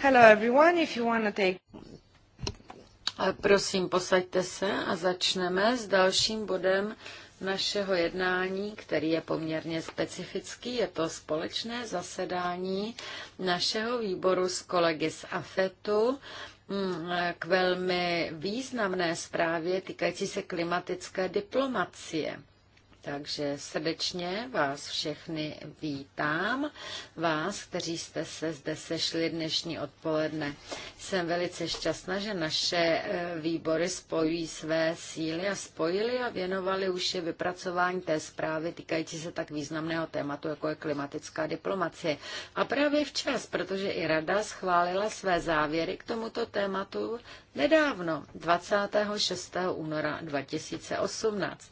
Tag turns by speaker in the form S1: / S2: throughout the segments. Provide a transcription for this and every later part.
S1: Hello everyone, if you want to take... Prosím, posaďte se a začneme s dalším bodem našeho jednání, který je poměrně specifický. Je to společné zasedání našeho výboru s kolegy z AFETu mm, k velmi významné zprávě týkající se klimatické diplomacie. Takže srdečně vás všechny vítám, vás, kteří jste se zde sešli dnešní odpoledne. Jsem velice šťastná, že naše eh, výbory spojují své síly a spojili a věnovali už je vypracování té zprávy týkající se tak významného tématu, jako je klimatická diplomacie. A právě včas, protože i Rada schválila své závěry k tomuto tématu nedávno, 26. února 2018.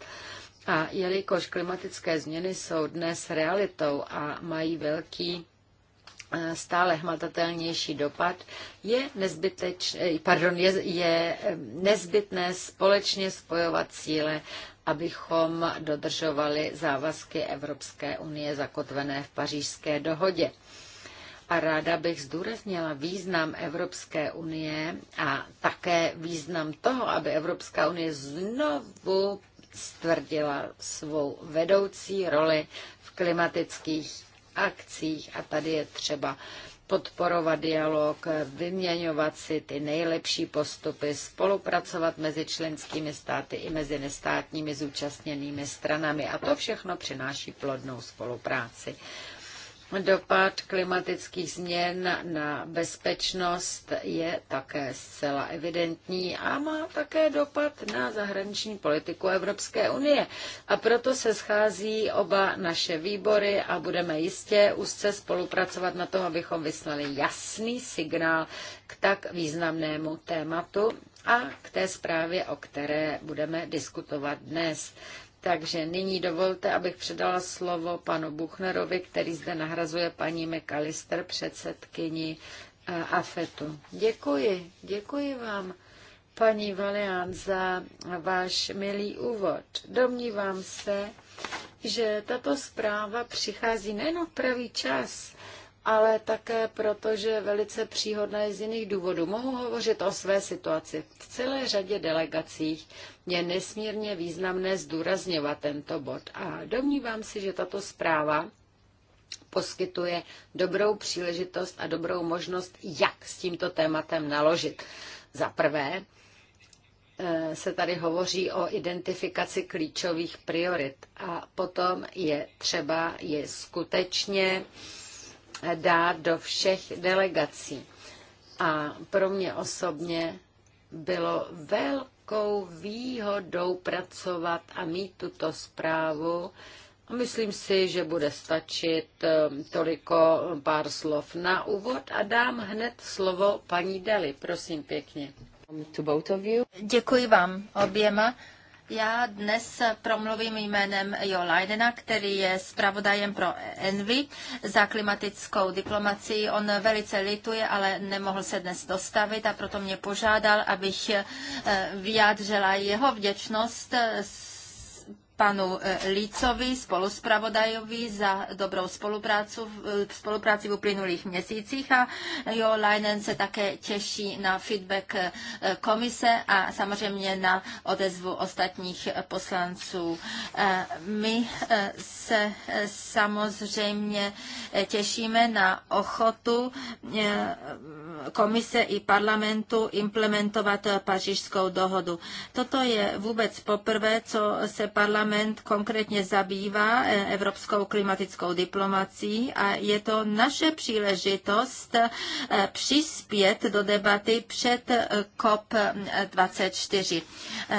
S1: A jelikož klimatické změny jsou dnes realitou a mají velký eh, stále hmatatelnější dopad, je, nezbyteč, eh, pardon, je, je eh, nezbytné společně spojovat cíle, abychom dodržovali závazky Evropské unie zakotvené v pařížské dohodě. A ráda bych zdůraznila význam Evropské unie a také význam toho, aby Evropská unie znovu stvrdila svou vedoucí roli v klimatických akcích a tady je třeba podporovat dialog, vyměňovat si ty nejlepší postupy, spolupracovat mezi členskými státy i mezi nestátními zúčastněnými stranami. A to všechno přináší plodnou spolupráci. Dopad klimatických změn na bezpečnost je také zcela evidentní a má také dopad na zahraniční politiku Evropské unie. A proto se schází oba naše výbory a budeme jistě úzce spolupracovat na tom, abychom vyslali jasný signál k tak významnému tématu a k té zprávě, o které budeme diskutovat dnes. Takže nyní dovolte, abych předala slovo panu Buchnerovi, který zde nahrazuje paní McAllister, předsedkyni eh, AFETu. Děkuji, děkuji vám, paní Valian, za váš milý úvod. Domnívám se, že tato zpráva přichází nejen v pravý čas, ale také proto, že je velice příhodné z jiných důvodů. Mohu hovořit o své situaci. V celé řadě delegacích je nesmírně významné zdůrazňovat tento bod a domnívám si, že tato zpráva poskytuje dobrou příležitost a dobrou možnost, jak s tímto tématem naložit. Za prvé, eh, se tady hovoří o identifikaci klíčových priorit a potom je třeba je skutečně dát do všech delegací. A pro mě osobně bylo velkou výhodou pracovat a mít tuto zprávu. A myslím si, že bude stačit eh, toliko pár slov na úvod a dám hned slovo paní Deli. Prosím pěkně.
S2: Děkuji vám oběma. Já dnes promluvím jménem Jo Leidena, který je zpravodajem pro Envy za klimatickou diplomacii. On velice lituje, ale nemohl se dnes dostavit a proto mě požádal, abych eh, vyjádřila jeho vděčnost s panu eh, Lícovi, spoluspravodajovi za dobrou spolupráci, eh, spolupráci v uplynulých měsících a Jo Leinen se také těší na feedback eh, komise a samozřejmě na odezvu ostatních poslanců. My se samozřejmě těšíme na ochotu komise i parlamentu implementovat pařížskou dohodu. Toto je vůbec poprvé, co se parlament parlament konkrétně zabývá eh, evropskou klimatickou diplomací a je to naše příležitost eh, přispět do debaty před eh, COP24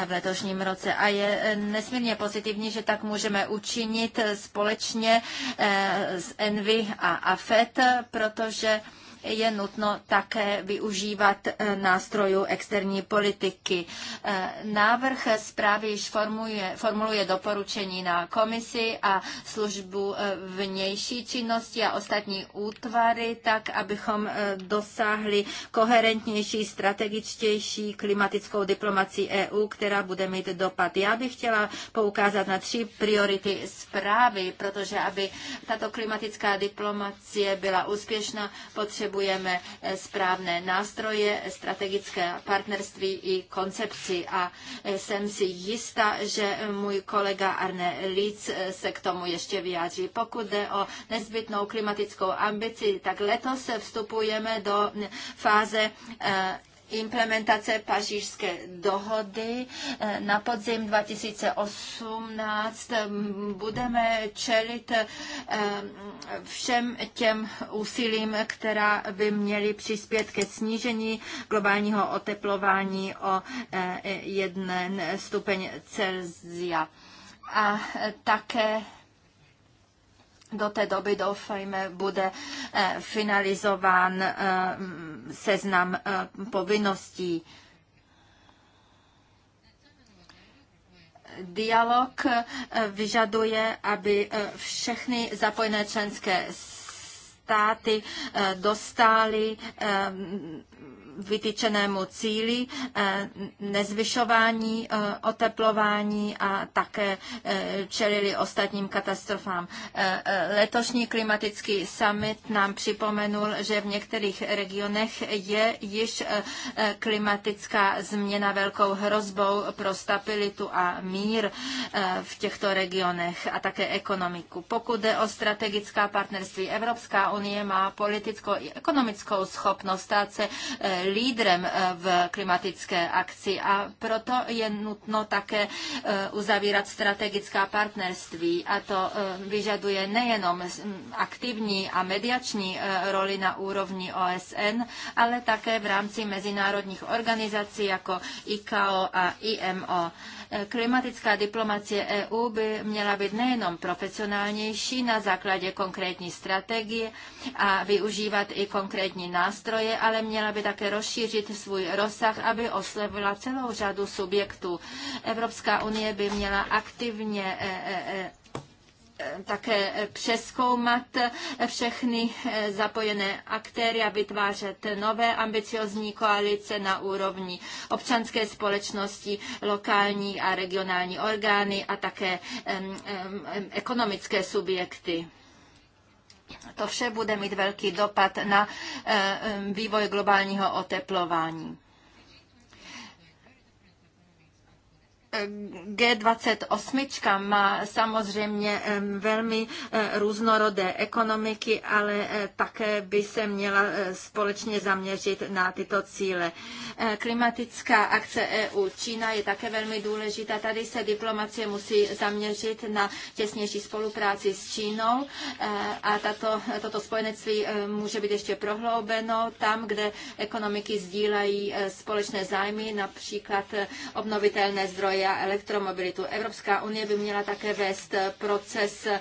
S2: v letošním roce. A je nesmírně pozitivní, že tak můžeme učinit společně s Envy a AFET, protože je nutno také využívat eh, nástrojů externí politiky. Eh, návrh zprávy již formuje, formuluje doporučení na komisi a službu eh, vnější činnosti a ostatní útvary, tak abychom dosáhli koherentnější, strategičtější klimatickou diplomaci EU, která bude mít dopad. Já bych chtěla poukázat na tři priority zprávy, protože aby tato klimatická diplomacie byla úspěšná, potřebuje potřebujeme eh, správné nástroje, strategické partnerství i koncepci a eh, jsem si jistá, že můj kolega Arne Líc eh, se k tomu ještě vyjádří. Pokud jde o nezbytnou klimatickou ambici, tak letos vstupujeme do fáze implementace pařížské dohody. Eh, na podzim 2018 mm, budeme čelit eh, všem těm úsilím, která by měly přispět ke snížení globálního oteplování o eh, jeden stupeň Celsia. A také do té doby doufejme bude eh, finalizován eh, seznam eh, povinností. Dialog vyžaduje, aby všechny zapojené členské státy dostály vytyčenému cíli, eh, nezvyšování eh, oteplování a také eh, čelili ostatním katastrofám. Letošní klimatický summit nám připomenul, že v některých regionech je již klimatická změna velkou hrozbou pro stabilitu a mír v těchto regionech a také ekonomiku. Pokud jde o strategická partnerství, Evropská unie má politickou i ekonomickou schopnost stát se lídrem eh, v klimatické akci a proto je nutno také eh, uzavírat strategická partnerství a to eh, vyžaduje nejenom aktivní a mediační roli na úrovni OSN, ale také v rámci mezinárodních organizací jako ICAO a IMO. Eh, klimatická diplomacie EU by měla být nejenom profesionálnější na základě konkrétní strategie a využívat i konkrétní nástroje, ale měla by také rozšířit svůj rozsah, aby oslovila celou řadu subjektů. Evropská unie by měla aktivně eh, eh, také přeskoumat všechny eh, zapojené aktéry a vytvářet nové ambiciozní koalice na úrovni občanské společnosti, lokální a regionální orgány a také ekonomické subjekty. To vše bude mít velký dopad na eh, vývoj globálního oteplování. G28 má samozřejmě velmi e, různorodé ekonomiky, ale e, také by se měla e, společně zaměřit na tyto cíle. Klimatická akce EU Čína je také velmi důležitá. Tady se diplomacie musí zaměřit na těsnější spolupráci s Čínou a tato, toto spojenectví může být ještě prohloubeno tam, kde ekonomiky sdílají společné zájmy, například obnovitelné zdroje kolej a elektromobilitu. Evropská unie by měla také vést proces eh,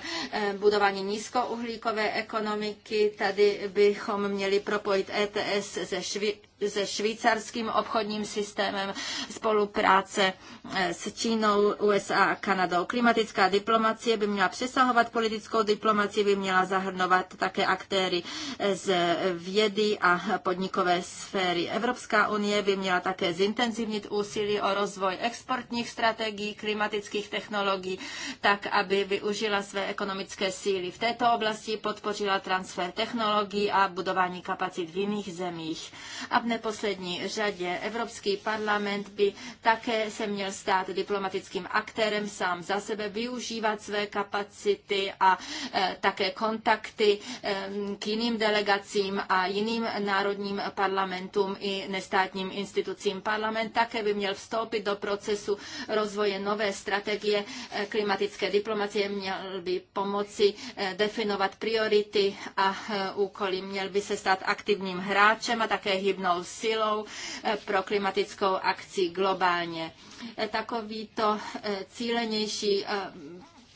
S2: budování nízkouhlíkové ekonomiky. Tady bychom měli propojit ETS se švi- se švýcarským obchodním systémem spolupráce eh, s Čínou, USA a Kanadou. Klimatická diplomacie by měla přesahovat politickou diplomacii, by měla zahrnovat také aktéry eh, z vědy a podnikové sféry. Evropská unie by měla také zintenzivnit úsilí o rozvoj exportních strategií, klimatických technologií, tak, aby využila své ekonomické síly. V této oblasti podpořila transfer technologií a budování kapacit v jiných zemích. A neposlední řadě Evropský parlament by také se měl stát diplomatickým aktérem sám za sebe, využívat své kapacity a eh, také kontakty eh, k jiným delegacím a jiným národním parlamentům i nestátním institucím. Parlament také by měl vstoupit do procesu rozvoje nové strategie eh, klimatické diplomacie, měl by pomoci definovat priority a úkoly, měl by se stát aktivním hráčem a také hybnou hybnou silou eh, pro klimatickou akci globálně. Eh, takovýto eh, cílenější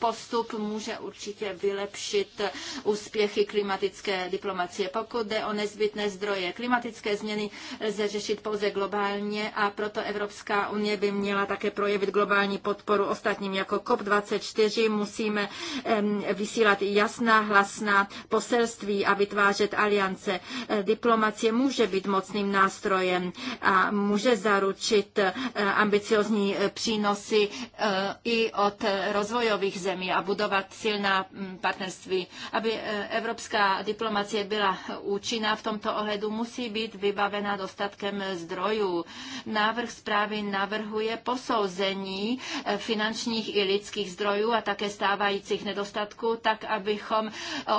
S2: postup může určitě vylepšit úspěchy klimatické diplomacie. Pokud jde o nezbytné zdroje, klimatické změny lze řešit pouze globálně a proto Evropská unie by měla také projevit globální podporu ostatním. Jako COP24 musíme vysílat jasná, hlasná poselství a vytvářet aliance. Diplomacie může být mocným nástrojem a může zaručit eh, ambiciozní eh, přínosy eh, i od rozvojových zemí zemí a budovat silná mm, partnerství. Aby e, evropská diplomacie byla účinná v tomto ohledu, musí být vybavena dostatkem zdrojů. Návrh zprávy navrhuje posouzení e, finančních i lidských zdrojů a také stávajících nedostatků, tak abychom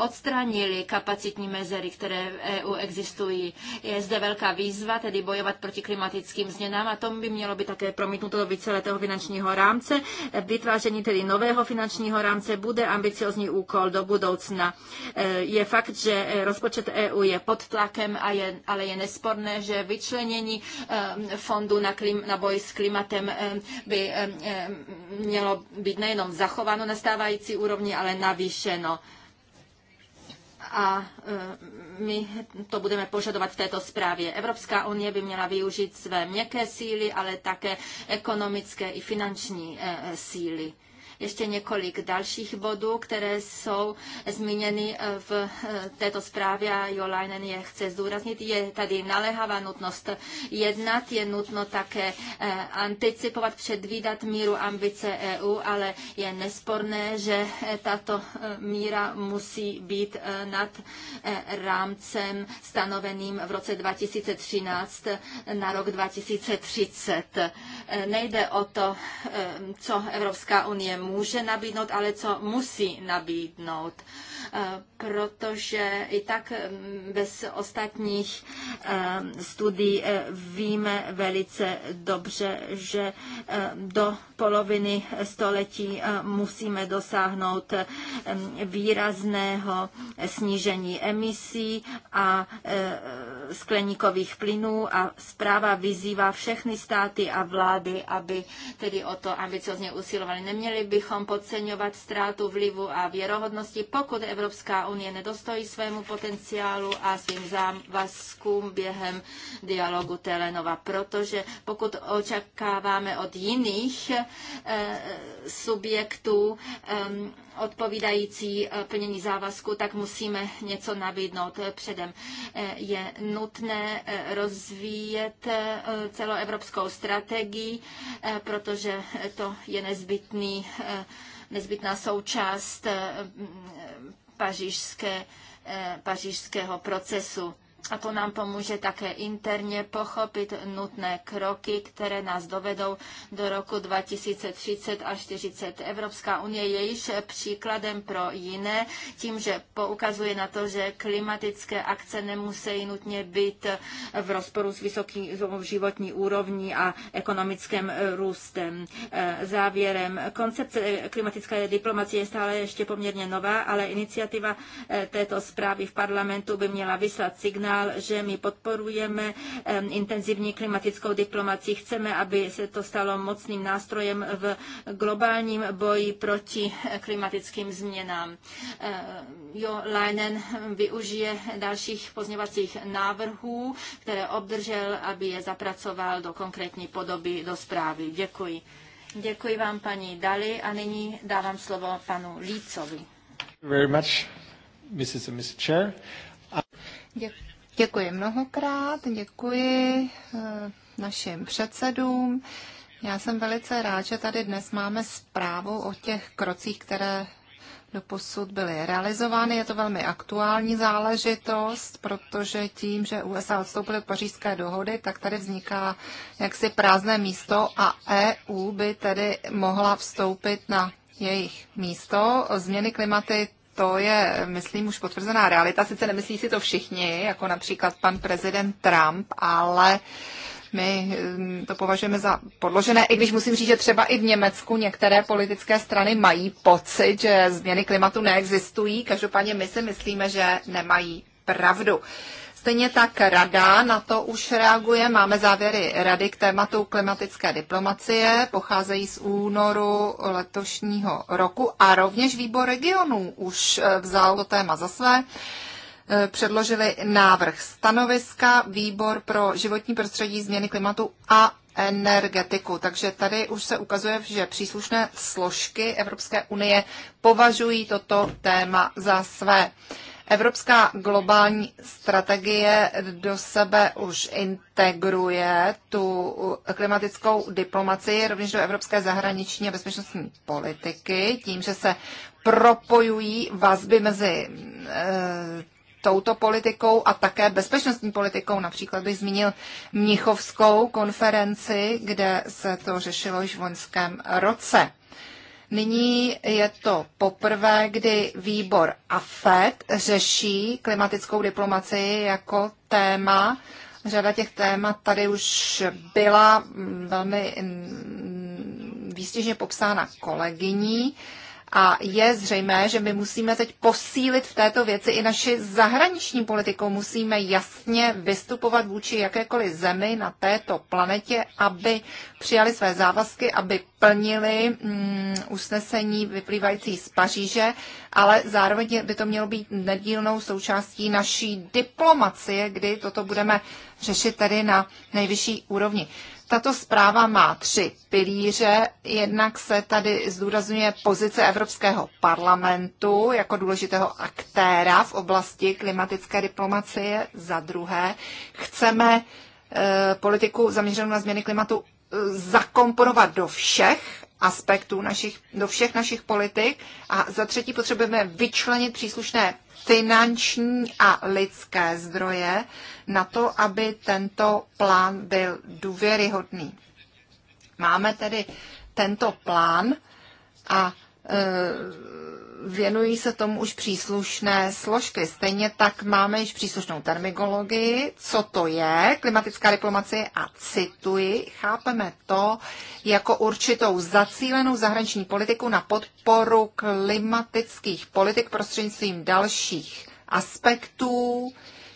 S2: odstranili kapacitní mezery, které v EU existují. Je zde velká výzva, tedy bojovat proti klimatickým změnám a tomu by mělo být také promítnuto do víceletého finančního rámce, e, vytváření tedy nového finančního finančního rámce bude ambiciozní úkol do budoucna. E, je fakt, že e, rozpočet EU je pod tlakem, a je, ale je nesporné, že vyčlenění e, fondu na, klim, na boj s klimatem by mělo být nejenom zachováno na stávající úrovni, ale navýšeno a my to budeme požadovat v této zprávě. Evropská unie by měla využít své měkké síly, ale také ekonomické i finanční síly ještě několik dalších bodů, které jsou zmíněny eh, v eh, této zprávě a Leinen je chce zdůraznit. Je tady naléhavá nutnost jednat, je nutno také eh, anticipovat, předvídat míru ambice EU, ale je nesporné, že tato míra musí být nad rámcem stanoveným v roce 2013 na rok 2030. Nejde o to, co Evropská unie může může nabídnout, ale co musí nabídnout, eh, protože i tak mm, bez ostatních eh, studií eh, víme velice dobře, že do poloviny století musíme dosáhnout mm, výrazného snížení emisí a skleníkových plynů a zpráva vyzývá všechny státy a vlády, aby tedy o to ambiciozně usilovali. Neměli bychom podceňovat ztrátu vlivu a věrohodnosti, pokud Evropská unie nedostojí svému potenciálu a svým závazkům během dialogu Telenova, protože pokud očekáváme od jiných eh, subjektů odpovídající eh, plnění závazku, tak musíme něco nabídnout eh, předem. Eh, je nutné rozvíjet celoevropskou strategii, protože to je nezbytný, nezbytná součást pařížské, pařížského procesu a to nám pomůže také interně pochopit nutné kroky, které nás dovedou do roku 2030 a 40. Evropská unie je již příkladem pro jiné, tím, že poukazuje na to, že klimatické akce nemusí nutně být v rozporu s vysokým životní úrovní a ekonomickým eh, růstem. Eh, závěrem, koncepce eh, klimatické diplomacie je stále ještě poměrně nová, ale iniciativa této zprávy v parlamentu by měla vyslat signál, signál, že my podporujeme intenzivní klimatickou diplomaci. Chceme, aby se to stalo mocným nástrojem v globálním boji proti klimatickým změnám. Jo Leinen využije dalších pozněvacích návrhů, které obdržel, aby je zapracoval do konkrétní podoby, do zprávy. Děkuji. Děkuji vám, paní Dali, a nyní
S3: dávám slovo panu Lícovi.
S1: Very much, Mrs. and Mr. Chair.
S3: Děkuji. Děkuji mnohokrát, děkuji eh, našim předsedům. Já jsem velice rád, že tady dnes máme zprávu o těch krocích, které do posud byly realizovány. Je to velmi aktuální záležitost, protože tím, že USA odstoupily od pařížské dohody, tak tady vzniká jaksi prázdné místo a EU by tedy mohla vstoupit na jejich místo. Změny klimaty to je, myslím, už potvrzená realita. Sice nemyslí si to všichni, jako například pan prezident Trump, ale my hm, to považujeme za podložené, i když musím říct, že třeba i v Německu některé politické strany mají pocit, že změny klimatu neexistují. Každopádně my si myslíme, že nemají pravdu. Stejně tak rada na to už reaguje. Máme závěry rady k tématu klimatické diplomacie, pocházejí z únoru letošního roku a rovněž výbor regionů už e, vzal to téma za své. E, předložili návrh stanoviska výbor pro životní prostředí, změny klimatu a energetiku. Takže tady už se ukazuje, že příslušné složky Evropské unie považují toto téma za své. Evropská globální strategie do sebe už integruje tu klimatickou diplomacii rovněž do evropské zahraniční a bezpečnostní politiky, tím, že se propojují vazby mezi e, touto politikou a také bezpečnostní politikou. Například bych zmínil Mnichovskou konferenci, kde se to řešilo již v loňském roce. Nyní je to poprvé, kdy výbor AFED řeší klimatickou diplomacii jako téma. Řada těch témat tady už byla mm, velmi mm, výstěžně popsána kolegyní. Uh, a je zřejmé, že my musíme teď posílit v této věci i naši zahraniční politiku. Musíme jasně vystupovat vůči jakékoliv zemi na této planetě, aby přijali své závazky, aby plnili mm, usnesení vyplývající z Paříže, ale zároveň by to mělo být nedílnou součástí naší diplomacie, kdy toto budeme řešit tedy na nejvyšší úrovni. Tato zpráva má tři pilíře. Jednak se tady zdůrazňuje pozice Evropského parlamentu jako důležitého aktéra v oblasti klimatické diplomacie. Za druhé, chceme eh, politiku zaměřenou na změny klimatu eh, zakomponovat do všech aspektů našich, do všech našich politik a za třetí potřebujeme vyčlenit příslušné finanční a lidské zdroje na to, aby tento plán byl důvěryhodný. Máme tedy tento plán a e, věnují se tomu už příslušné složky. Stejně tak máme již příslušnou termigologii, co to je klimatická diplomacie a cituji, chápeme to jako určitou zacílenou zahraniční politiku na podporu klimatických politik prostřednictvím dalších aspektů,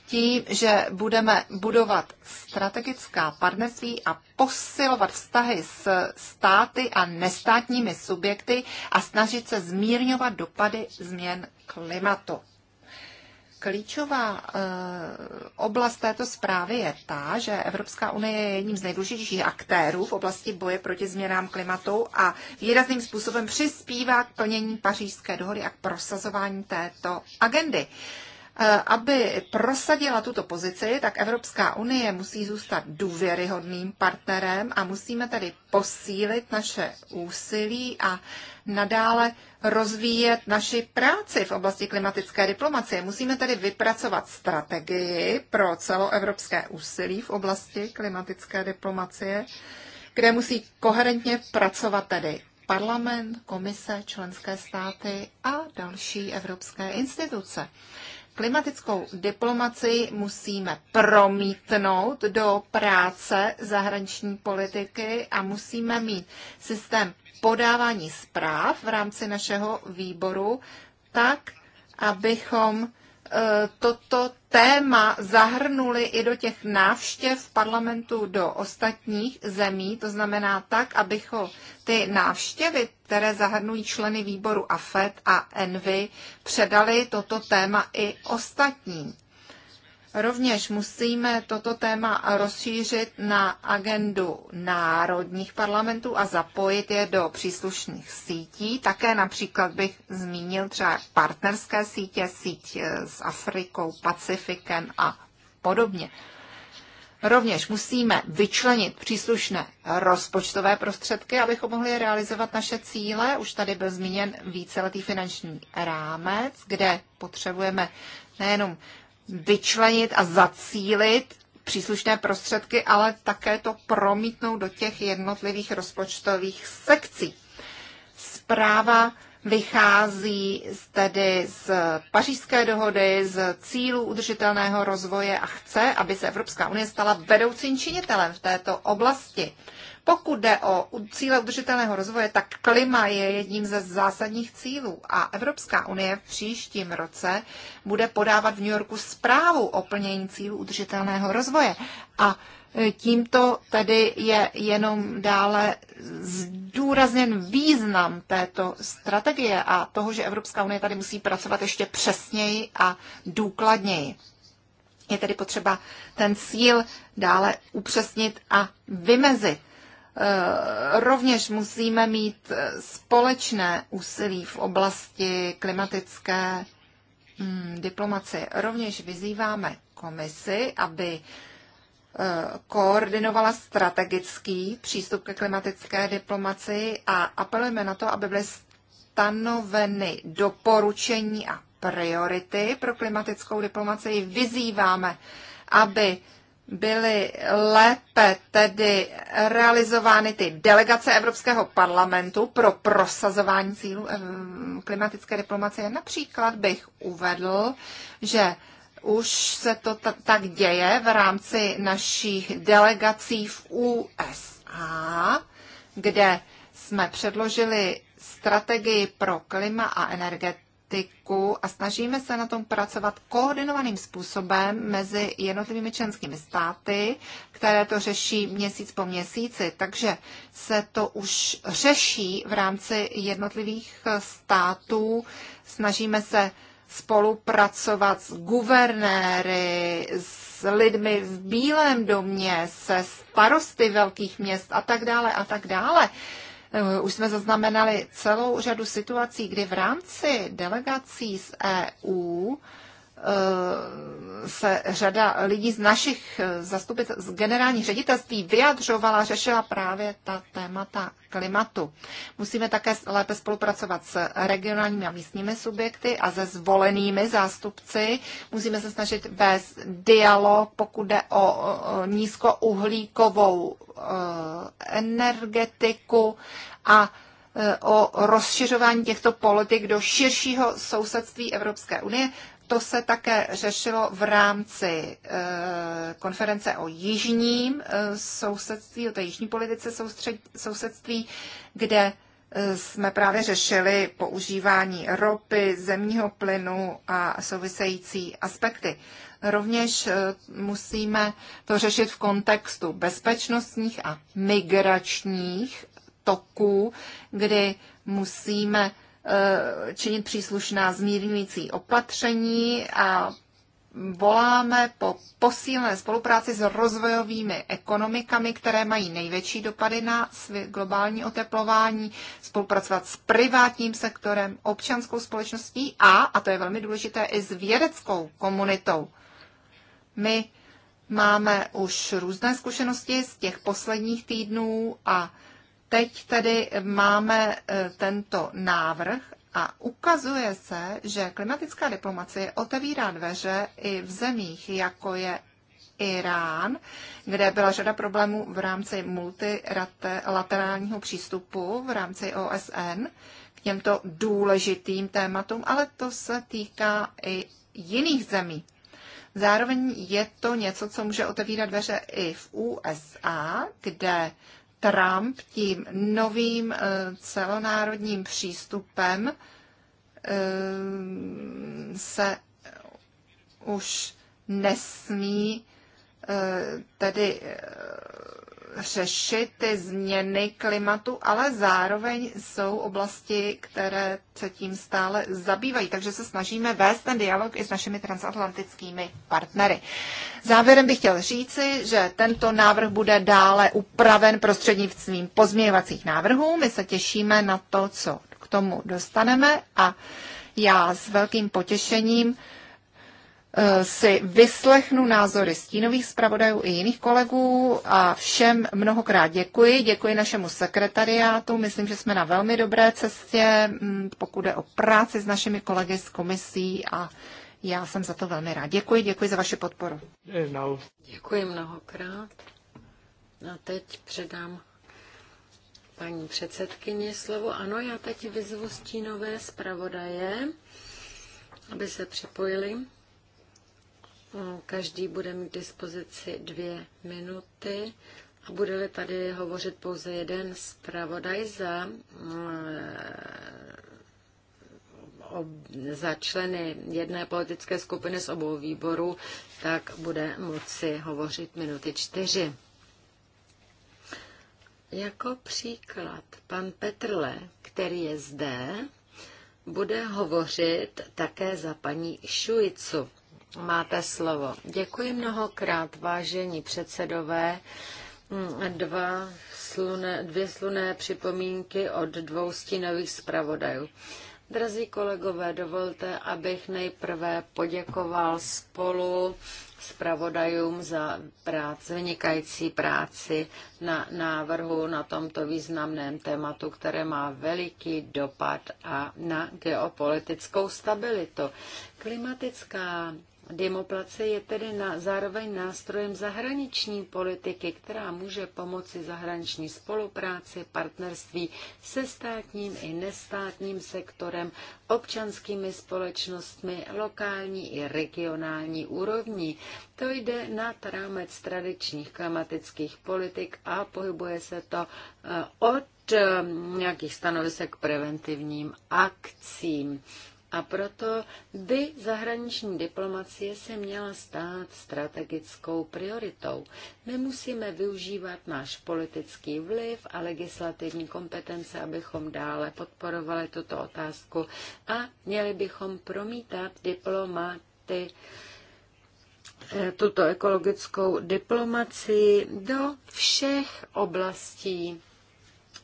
S3: tím, že budeme budovat strategická partnerství a posilovat vztahy s státy a nestátními subjekty a snažit se zmírňovat dopady změn klimatu. Klíčová eh, oblast této zprávy je ta, že Evropská unie je jedním z nejdůležitějších aktérů v oblasti boje proti změnám klimatu a výrazným způsobem přispívá k plnění pařížské dohody a k prosazování této agendy. Eh, aby prosadila tuto pozici, tak Evropská unie musí zůstat důvěryhodným partnerem a musíme tedy posílit naše úsilí a nadále rozvíjet naši práci v oblasti klimatické diplomacie. Musíme tedy vypracovat strategii pro celoevropské úsilí v oblasti klimatické diplomacie, kde musí koherentně pracovat tedy parlament, komise, členské státy a další evropské instituce klimatickou diplomaci musíme promítnout do práce zahraniční politiky a musíme mít systém podávání zpráv v rámci našeho výboru tak, abychom E, toto téma zahrnuli i do těch návštěv parlamentu do ostatních zemí, to znamená tak, abychom ty návštěvy, které zahrnují členy výboru AFET a ENVY, předali toto téma i ostatním. Rovněž musíme toto téma rozšířit na agendu národních parlamentů a zapojit je do příslušných sítí. Také například bych zmínil třeba partnerské sítě, síť eh, s Afrikou, Pacifikem a podobně. Rovněž musíme vyčlenit příslušné rozpočtové prostředky, abychom mohli realizovat naše cíle. Už tady byl zmíněn víceletý finanční rámec, kde potřebujeme nejenom vyčlenit a zacílit příslušné prostředky, ale také to promítnout do těch jednotlivých rozpočtových sekcí. Zpráva vychází tedy z pařížské dohody, z cílů udržitelného rozvoje a chce, aby se Evropská unie stala vedoucím činitelem v této oblasti. Pokud jde o cíle udržitelného rozvoje, tak klima je jedním ze zásadních cílů a Evropská unie v příštím roce bude podávat v New Yorku zprávu o plnění cílů udržitelného rozvoje. A e, tímto tedy je jenom dále zdůrazněn význam této strategie a toho, že Evropská unie tady musí pracovat ještě přesněji a důkladněji. Je tedy potřeba ten cíl dále upřesnit a vymezit. Eh, rovněž musíme mít společné úsilí v oblasti klimatické hmm, diplomacie. Rovněž vyzýváme komisi, aby eh, koordinovala strategický přístup ke klimatické diplomaci a apelujeme na to, aby byly stanoveny doporučení a priority pro klimatickou diplomaci. Vyzýváme, aby byly lépe tedy realizovány ty delegace Evropského parlamentu pro prosazování cílů eh, klimatické diplomacie. Například bych uvedl, že už se to tak děje v rámci našich delegací v USA, kde jsme předložili strategii pro klima a energetiku problematiku a snažíme se na tom pracovat koordinovaným způsobem mezi jednotlivými členskými státy, které to řeší měsíc po měsíci. Takže se to už řeší v rámci jednotlivých států. Snažíme se spolupracovat s guvernéry, s lidmi v Bílém domě, se starosty velkých měst a tak dále a tak dále. Eh, už jsme zaznamenali celou řadu situací, kdy v rámci delegací z EU Eh, se řada lidí z našich eh, zastupit, z generálních ředitelství vyjadřovala, řešila právě ta témata klimatu. Musíme také lépe spolupracovat s regionálními a místními subjekty a se zvolenými zástupci. Musíme se snažit bez dialog, pokud jde o nízkouhlíkovou eh, energetiku a o rozšiřování těchto politik do širšího sousedství Evropské unie to se také řešilo v rámci eh, konference o jižním eh, sousedství, o té jižní politice soustřed, sousedství, kde eh, jsme právě řešili používání ropy, zemního plynu a související aspekty. Rovněž musíme to řešit v kontextu bezpečnostních a migračních toků, kdy musíme Eh, činit příslušná zmírňující opatření a voláme po posílené spolupráci s rozvojovými ekonomikami, které mají největší dopady na globální oteplování, spolupracovat s privátním sektorem, občanskou společností a, a to je velmi důležité, i s vědeckou komunitou. My máme už různé zkušenosti z těch posledních týdnů a Teď tady máme e, tento návrh a ukazuje se, že klimatická diplomacie otevírá dveře i v zemích, jako je Irán, kde byla řada problémů v rámci multilaterálního přístupu v rámci OSN k těmto důležitým tématům, ale to se týká i jiných zemí. Zároveň je to něco, co může otevírat dveře i v USA, kde Trump tím novým eh, celonárodním přístupem eh, se už nesmí eh, tedy řešit ty změny klimatu, ale zároveň jsou oblasti, které se tím stále zabývají. Takže se snažíme vést ten dialog i s našimi transatlantickými partnery. Závěrem bych chtěl říci, že tento návrh bude dále upraven prostřednictvím pozměňovacích návrhů. My se těšíme na to, co k tomu dostaneme a já s velkým potěšením Eh, si vyslechnu názory stínových zpravodajů i jiných kolegů a všem mnohokrát děkuji. Děkuji našemu sekretariátu. Myslím, že jsme na velmi dobré cestě, mm, pokud jde o práci s našimi kolegy z komisí a já jsem za to velmi rád. Děkuji, děkuji za vaši podporu.
S1: Děkuji mnohokrát. A teď předám paní předsedkyně slovo. Ano, já teď vyzvu stínové zpravodaje, aby se připojili Každý bude mít k dispozici dvě minuty a bude-li tady hovořit pouze jeden zpravodaj za, eh, za členy jedné politické skupiny z obou výborů, tak bude moci hovořit minuty čtyři. Jako příklad, pan Petrle, který je zde, bude hovořit také za paní Šujicu. Máte slovo. Děkuji mnohokrát, vážení předsedové. Hm, dva sluné, dvě sluné připomínky od dvou stínových zpravodajů. Drazí kolegové, dovolte, abych nejprve poděkoval spolu zpravodajům za práci, vynikající práci na návrhu na tomto významném tématu, které má veliký dopad a na geopolitickou stabilitu. Klimatická Demoplace je tedy na, zároveň nástrojem zahraniční politiky, která může pomoci zahraniční spolupráci, partnerství se státním i nestátním sektorem, občanskými společnostmi, lokální i regionální úrovní. To jde nad rámec tradičních klimatických politik a pohybuje se to eh, od eh, nějakých stanovisek preventivním akcím. A proto by zahraniční diplomacie se měla stát strategickou prioritou. My musíme využívat náš politický vliv a legislativní kompetence, abychom dále podporovali tuto otázku a měli bychom promítat diplomaty eh, tuto ekologickou diplomaci do všech oblastí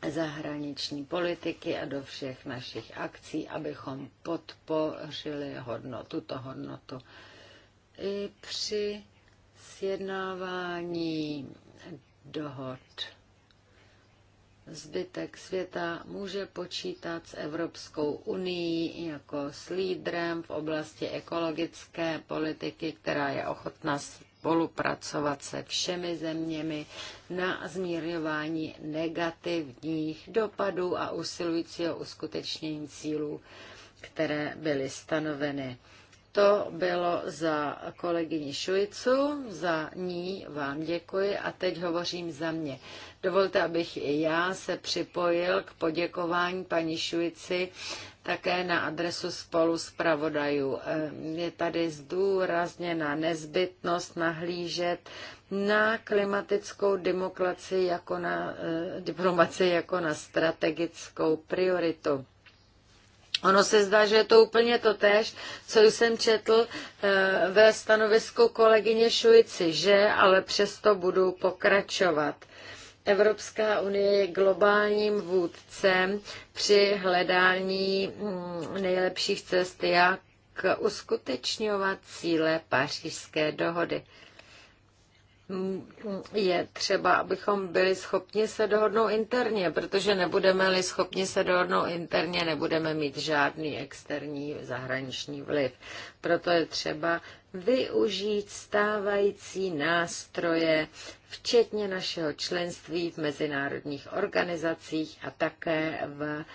S1: zahraniční politiky a do všech našich akcí, abychom podpořili hodnotu, tuto hodnotu. I při sjednávání dohod zbytek světa může počítat s Evropskou unii jako s lídrem v oblasti ekologické politiky, která je ochotná spolupracovat se všemi zeměmi na zmírňování negativních dopadů a usilujícího uskutečnění cílů, které byly stanoveny. To bylo za kolegyni Šujicu, za ní vám děkuji a teď hovořím za mě. Dovolte, abych i já se připojil k poděkování paní Šujici také na adresu spolu zpravodajů. Je tady zdůrazněna nezbytnost nahlížet na klimatickou demokracii jako na, eh, diplomaci jako na strategickou prioritu. Ono se zdá, že je to úplně to tež, co jsem četl eh, ve stanovisku kolegyně Šuici, že, ale přesto budu pokračovat. Evropská unie je globálním vůdcem při hledání mm, nejlepších cest, jak uskutečňovat cíle pařížské dohody je třeba, abychom byli schopni se dohodnout interně, protože nebudeme-li schopni se dohodnout interně, nebudeme mít žádný externí zahraniční vliv. Proto je třeba využít stávající nástroje, včetně našeho členství v mezinárodních organizacích a také v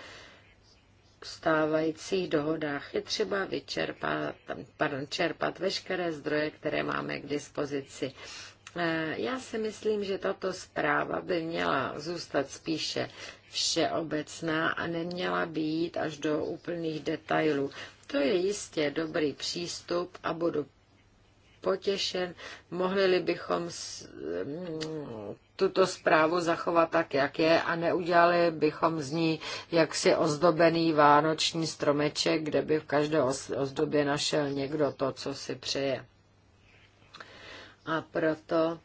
S1: stávajících dohodách je třeba vyčerpat, pardon, čerpat veškeré zdroje, které máme k dispozici. Eh, já si myslím, že tato zpráva by měla zůstat spíše všeobecná a neměla být až do úplných detailů. To je jistě dobrý přístup a budu potěšen, mohli bychom mm, tuto zprávu zachovat tak, jak je a neudělali bychom z ní jaksi ozdobený vánoční stromeček, kde by v každé ozdobě našel někdo to, co si přeje a proto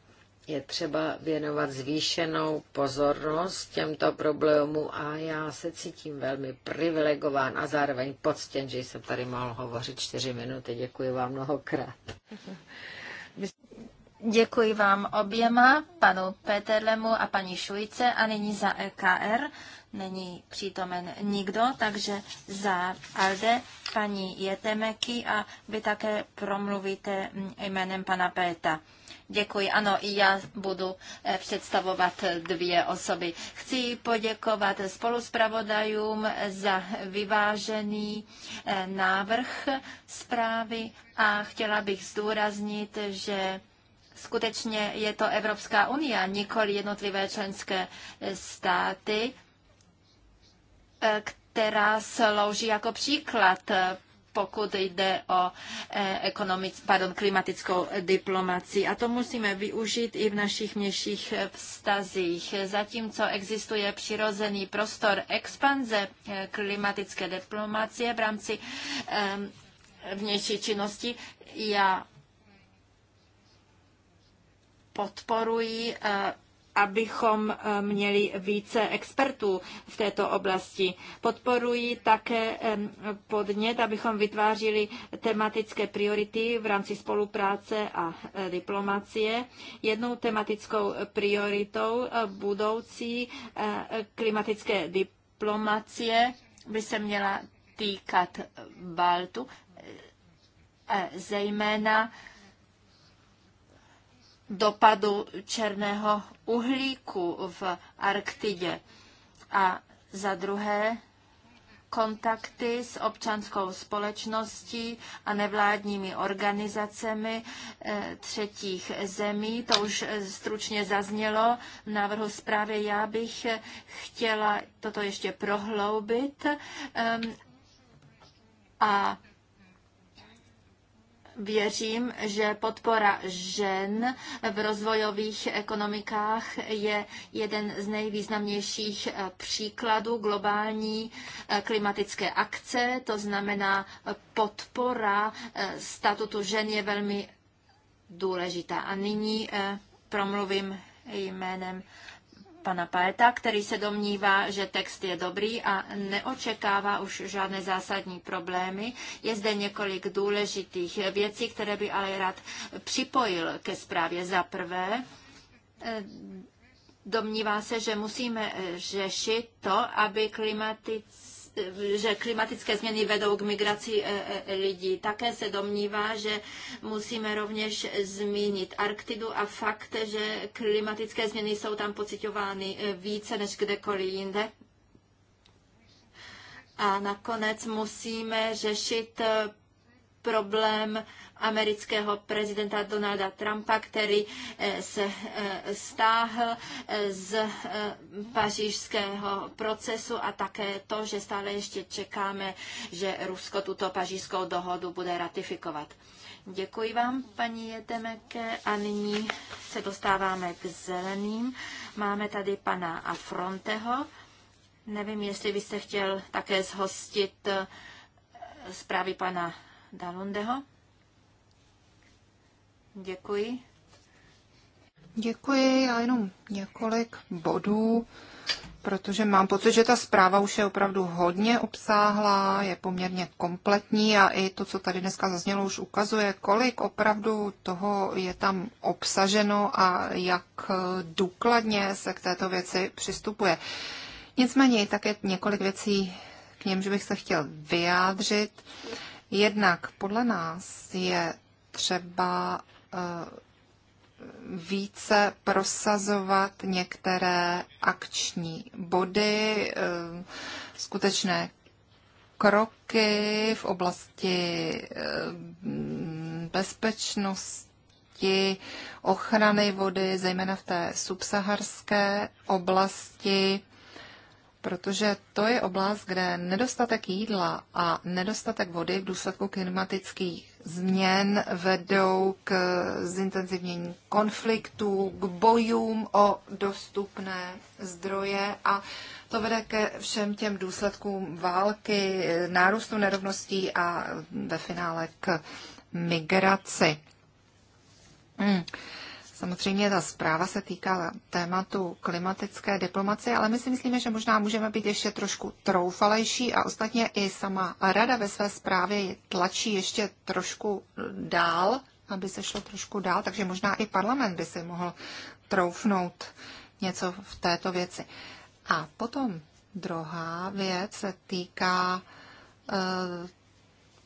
S1: je třeba věnovat zvýšenou pozornost těmto problémům a já se cítím velmi privilegován a zároveň poctěn, že jsem tady mohl hovořit čtyři minuty. Děkuji vám mnohokrát.
S2: Děkuji vám oběma, panu Peterlemu a paní Šujce a nyní za EKR není přítomen nikdo, takže za Alde paní Jetemeky a vy také promluvíte jménem pana Péta. Děkuji. Ano, i já budu eh, představovat dvě osoby. Chci poděkovat spoluspravodajům za vyvážený eh, návrh zprávy a chtěla bych zdůraznit, že skutečně je to Evropská unie, nikoli jednotlivé členské státy, Eh, která slouží jako příklad, eh, pokud jde o eh, ekonomic, pardon, klimatickou diplomaci. A to musíme využít i v našich mějších vztazích. Zatímco existuje přirozený prostor expanze klimatické diplomacie v rámci vnější činnosti, já podporuji abychom eh, měli více expertů v této oblasti. Podporuji také podnět, abychom vytvářili tematické priority v rámci spolupráce a eh, diplomacie. Jednou tematickou prioritou eh, budoucí klimatické diplomacie by se měla týkat Baltu, zejména dopadu černého uhlíku v Arktidě. A za druhé, kontakty s občanskou společností a nevládními organizacemi eh, třetích zemí. To už eh, stručně zaznělo v návrhu zprávy. Já bych eh, chtěla toto ještě prohloubit ehm, a Věřím, že podpora žen v rozvojových ekonomikách je jeden z nejvýznamnějších eh, příkladů globální eh, klimatické akce. To znamená, podpora eh, statutu žen je velmi důležitá. A nyní promluvím jménem pana Paeta, který se domnívá, že text je dobrý a neočekává už žádné zásadní problémy. Je zde několik důležitých věcí, které by ale rád připojil ke zprávě. Za prvé, eh, domnívá se, že musíme řešit to, aby klimatické že klimatické změny vedou k migraci e, e, lidí. Také se domnívá, že musíme rovněž zmínit Arktidu a fakt, že klimatické změny jsou tam pocitovány e, více než kdekoliv jinde. A nakonec musíme řešit problém amerického prezidenta Donalda Trumpa, který eh, se eh, stáhl eh, z pařížského procesu a také to, že stále ještě čekáme, že Rusko tuto pařížskou dohodu bude ratifikovat. Děkuji vám, paní Jetemeke, a nyní se dostáváme k zeleným. Máme tady pana Afronteho. Nevím, jestli byste chtěl také zhostit zprávy pana Dalundeho. Děkuji.
S3: Děkuji, já jenom několik bodů, protože mám pocit, že ta zpráva už je opravdu hodně obsáhlá, je poměrně kompletní a i to, co tady dneska zaznělo, už ukazuje, kolik opravdu toho je tam obsaženo a jak důkladně se k této věci přistupuje. Nicméně je také několik věcí, k němž bych se chtěl vyjádřit. Uh, Jednak podle nás je třeba eh, více prosazovat některé akční body, eh, skutečné kroky v oblasti eh, bezpečnosti, ochrany vody, zejména v té subsaharské oblasti protože to je oblast, kde nedostatek jídla a nedostatek vody v důsledku klimatických změn vedou k zintenzivnění konfliktů, k bojům o dostupné zdroje a to vede ke všem těm důsledkům války, nárůstu nerovností a ve finále k migraci. Hmm. Samozřejmě ta zpráva se týkala tématu klimatické diplomacie, ale my si myslíme, že možná můžeme být ještě trošku troufalejší a ostatně i sama rada ve své zprávě tlačí ještě trošku dál, aby se šlo trošku dál, takže možná i parlament by si mohl troufnout něco v této věci. A potom druhá věc se týká eh,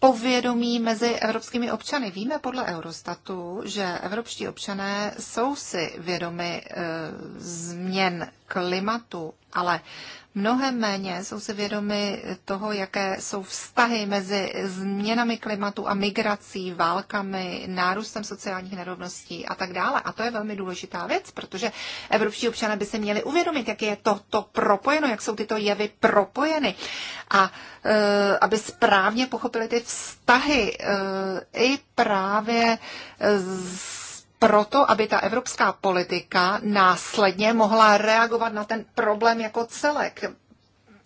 S3: povědomí mezi evropskými občany. Víme podle Eurostatu, že evropští občané jsou si vědomi e, změn klimatu, ale mnohem méně jsou si vědomi toho, jaké jsou vztahy mezi změnami klimatu a migrací, válkami, nárůstem sociálních nerovností a tak dále. A to je velmi důležitá věc, protože evropští občané by se měli uvědomit, jak je to, to propojeno, jak jsou tyto jevy propojeny. A e, aby správně pochopili ty vztahy e, i právě z proto, aby ta evropská politika následně mohla reagovat na ten problém jako celek,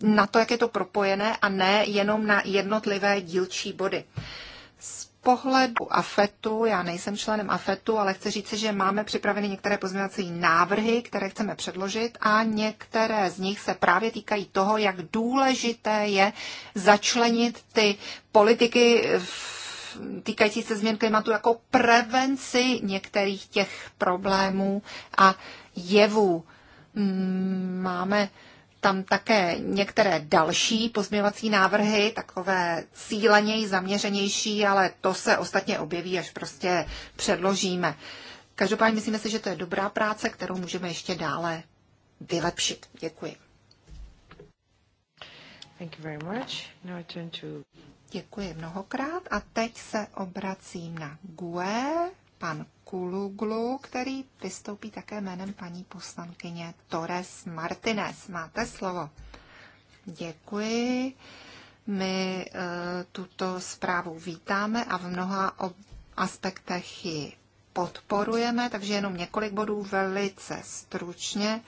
S3: na to, jak je to propojené a ne jenom na jednotlivé dílčí body. Z pohledu AFETu, já nejsem členem AFETu, ale chci říci, že máme připraveny některé pozměňovací návrhy, které chceme předložit a některé z nich se právě týkají toho, jak důležité je začlenit ty politiky v týkající se změn klimatu jako prevenci některých těch problémů a jevů. Mm, máme tam také některé další pozměvací návrhy, takové cíleněji, zaměřenější, ale to se ostatně objeví, až prostě předložíme. Každopádně myslíme si, že to je dobrá práce, kterou můžeme ještě dále vylepšit. Děkuji. Thank you very much. Now I turn to... Děkuji mnohokrát a teď se obracím na GUE, pan Kuluglu, který vystoupí také jménem paní poslankyně Torres Martinez. Máte slovo. Děkuji. My e, tuto zprávu vítáme a v mnoha aspektech ji podporujeme, takže jenom několik bodů velice stručně.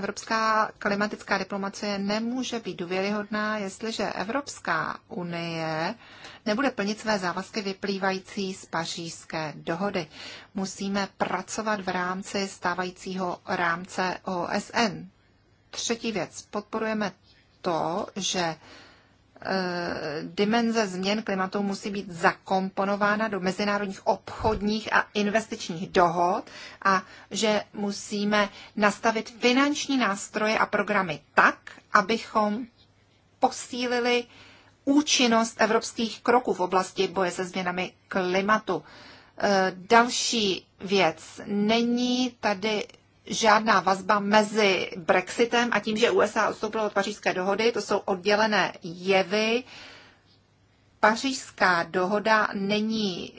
S3: Evropská klimatická diplomacie nemůže být důvěryhodná, jestliže Evropská unie nebude plnit své závazky vyplývající z pařížské dohody. Musíme pracovat v rámci stávajícího rámce OSN. Třetí věc. Podporujeme to, že Eh, dimenze změn klimatu musí být zakomponována do mezinárodních obchodních a investičních dohod a že musíme nastavit finanční nástroje a programy tak, abychom posílili účinnost evropských kroků v oblasti boje se změnami klimatu. Eh, další věc. Není tady žádná vazba mezi Brexitem a tím, že USA odstoupilo od pařížské dohody. To jsou oddělené jevy. Pařížská dohoda není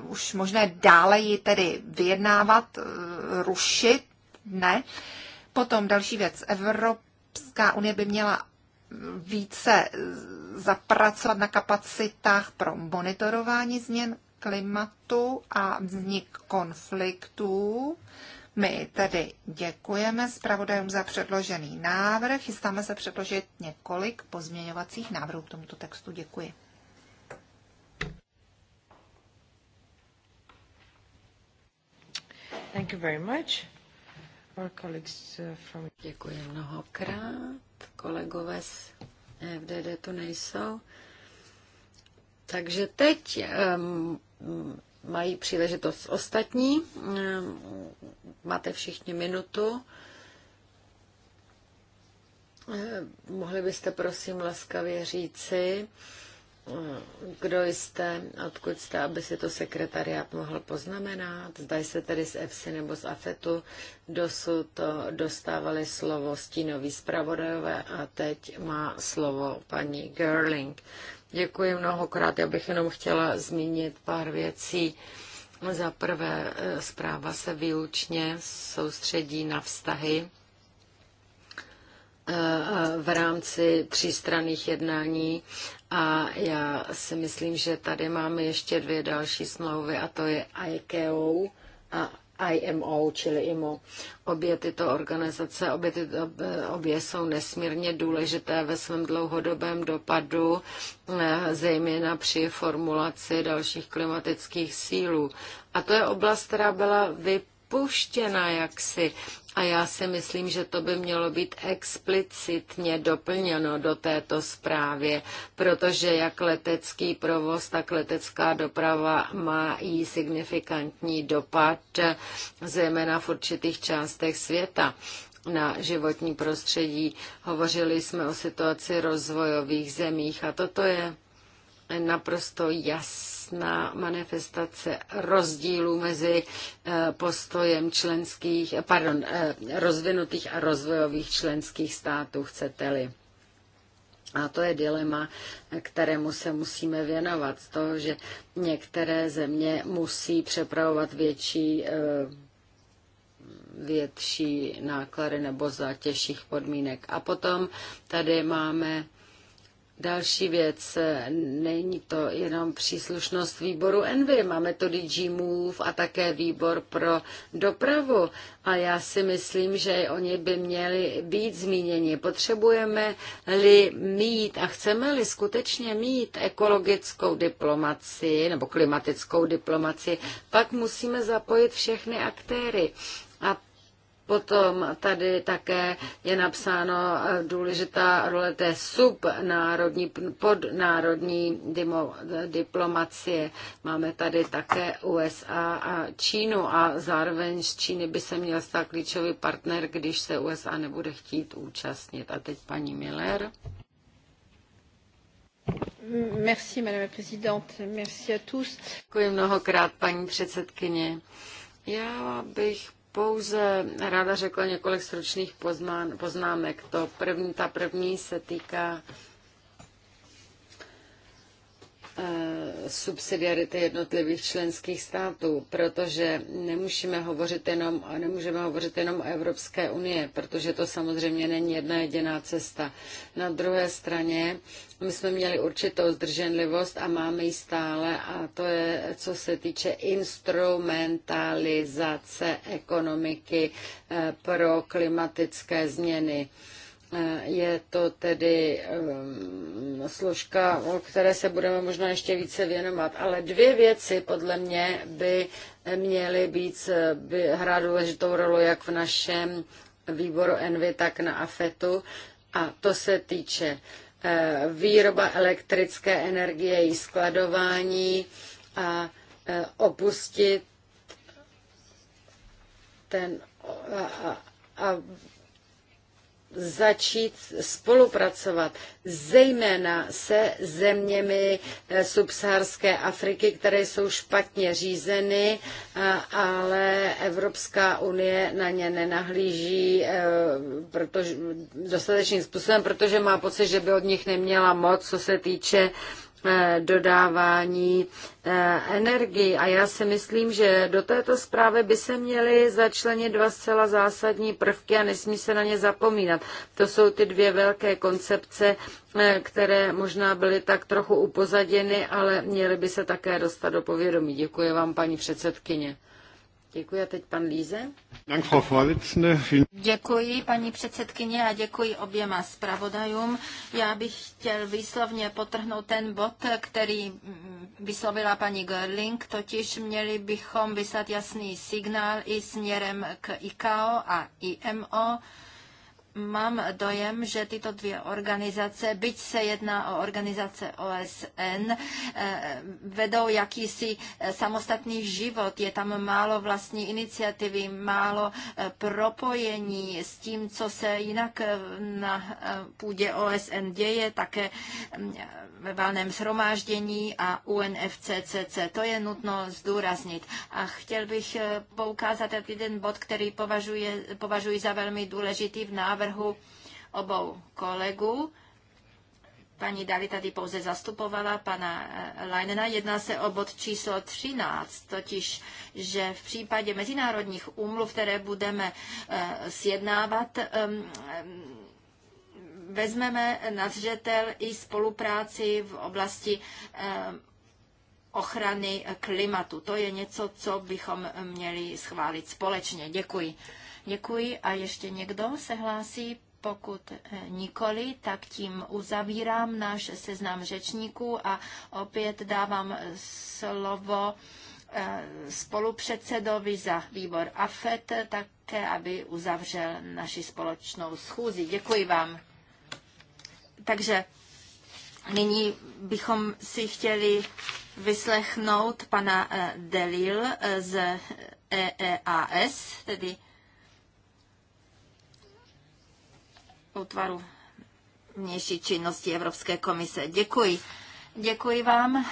S3: uh, už možné dále ji tedy vyjednávat, uh, rušit, ne. Potom další věc. Evropská unie by měla více eh, zapracovat na kapacitách pro monitorování změn klimatu a vznik konfliktů. My tedy děkujeme zpravodajům za předložený návrh. Chystáme se předložit několik pozměňovacích návrhů k tomuto textu. Děkuji. Thank you very much. Our colleagues
S1: uh, from... Děkuji mnohokrát. Kolegové z FDD tu nejsou. Takže teď um, mají příležitost ostatní. Eh, máte všichni minutu. Eh, mohli byste prosím laskavě říci, eh, kdo jste, odkud jste, aby si to sekretariát mohl poznamenat. Zda se tedy z EFSI nebo z AFETu dosud dostávali slovo stínový zpravodajové a teď má slovo paní Gerling. Děkuji mnohokrát. Já bych jenom chtěla zmínit pár věcí. Za prvé, e, zpráva se výlučně soustředí na vztahy e, e, v rámci třístranných jednání a já si myslím, že tady máme ještě dvě další smlouvy a to je ICAO a IMO, čili IMO. Obě tyto organizace, obě, tyto, obě jsou nesmírně důležité ve svém dlouhodobém dopadu, eh, zejména při formulaci dalších klimatických sílů. A to je oblast, která byla vypuštěna jaksi a já si myslím, že to by mělo být explicitně doplněno do této zprávy, protože jak letecký provoz, tak letecká doprava má i signifikantní dopad, zejména v určitých částech světa na životní prostředí. Hovořili jsme o situaci rozvojových zemích a toto je naprosto jasné jasná manifestace rozdílů mezi eh, postojem členských, eh, pardon, eh, rozvinutých a rozvojových členských států, chcete-li. A to je dilema, kterému se musíme věnovat. Z toho, že některé země musí přepravovat větší větší náklady nebo za těžších podmínek. A potom tady máme Další věc, není to jenom příslušnost výboru Envy, máme to DG Move a také výbor pro dopravu a já si myslím, že oni by měli být zmíněni. Potřebujeme-li mít a chceme-li skutečně mít ekologickou diplomaci nebo klimatickou diplomaci, pak musíme zapojit všechny aktéry. Potom tady také je napsáno eh, důležitá role té subnárodní, podnárodní eh, diplomacie. Máme tady také USA a Čínu a zároveň z Číny by se měl stát klíčový partner, když se USA nebude chtít účastnit. A teď paní Miller.
S2: Merci, madame présidente. Merci à tous.
S1: Děkuji mnohokrát, paní předsedkyně. Já bych pouze ráda řekla několik stručných poznámek. To první, ta první se týká Eh, subsidiarity jednotlivých členských států, protože nemusíme hovořit jenom, nemůžeme hovořit jenom o Evropské unie, protože to samozřejmě není jedna jediná cesta. Na druhé straně my jsme měli určitou zdrženlivost a máme ji stále a to je, co se týče instrumentalizace ekonomiky eh, pro klimatické změny je to tedy um, složka, o které se budeme možná ještě více věnovat, ale dvě věci podle mě by měly být, by hrát důležitou rolu jak v našem výboru Envy, tak na AFETu. A to se týče eh, výroba elektrické energie, její skladování a eh, opustit ten a začít spolupracovat, zejména se zeměmi eh, subsaharské Afriky, které jsou špatně řízeny, ale Evropská unie na ně nenahlíží eh, protože, dostatečným způsobem, protože má pocit, že by od nich neměla moc, co se týče Eh, dodávání eh, energii. A já si myslím, že do této zprávy by se měly začlenit dva zcela zásadní prvky a nesmí se na ně zapomínat. To jsou ty dvě velké koncepce, eh, které možná byly tak trochu upozaděny, ale měly by se také dostat do povědomí. Děkuji vám, paní
S2: předsedkyně. Děkuji a teď pan Líze. Děkuji paní předsedkyně a děkuji oběma zpravodajům. Já bych chtěl výslovně potrhnout ten bod, který vyslovila paní Görling, totiž měli bychom vyslat jasný signál i směrem k ICAO a IMO, mám dojem, že tyto dvě organizace, byť se jedná o organizace OSN, eh, vedou jakýsi eh, samostatný život. Je tam málo vlastní iniciativy, málo eh, propojení s tím, co se jinak na půdě OSN děje, také mm, ve válném shromáždění a UNFCCC. To je nutno zdůraznit. A chtěl bych poukázat jeden bod, který považuji, považuji za velmi důležitý v návrhu návrhu obou kolegů. Paní Dali tady pouze zastupovala pana eh, Leinena. Jedná se o bod číslo 13, totiž, že v případě mezinárodních úmluv, které budeme eh, sjednávat, ehm, ehm, vezmeme na zřetel i spolupráci v oblasti eh, ochrany klimatu. To je něco, co bychom měli schválit společně. Děkuji. Děkuji a ještě někdo se hlásí? Pokud eh, nikoli, tak tím uzavírám náš seznam řečníků a opět dávám eh, slovo eh, spolupředsedovi za výbor AFET, také aby uzavřel naši společnou schůzi. Děkuji vám. Takže nyní bychom si chtěli vyslechnout pana Delil z EEAS, tedy útvaru vnější činnosti Evropské komise. Děkuji. Děkuji vám.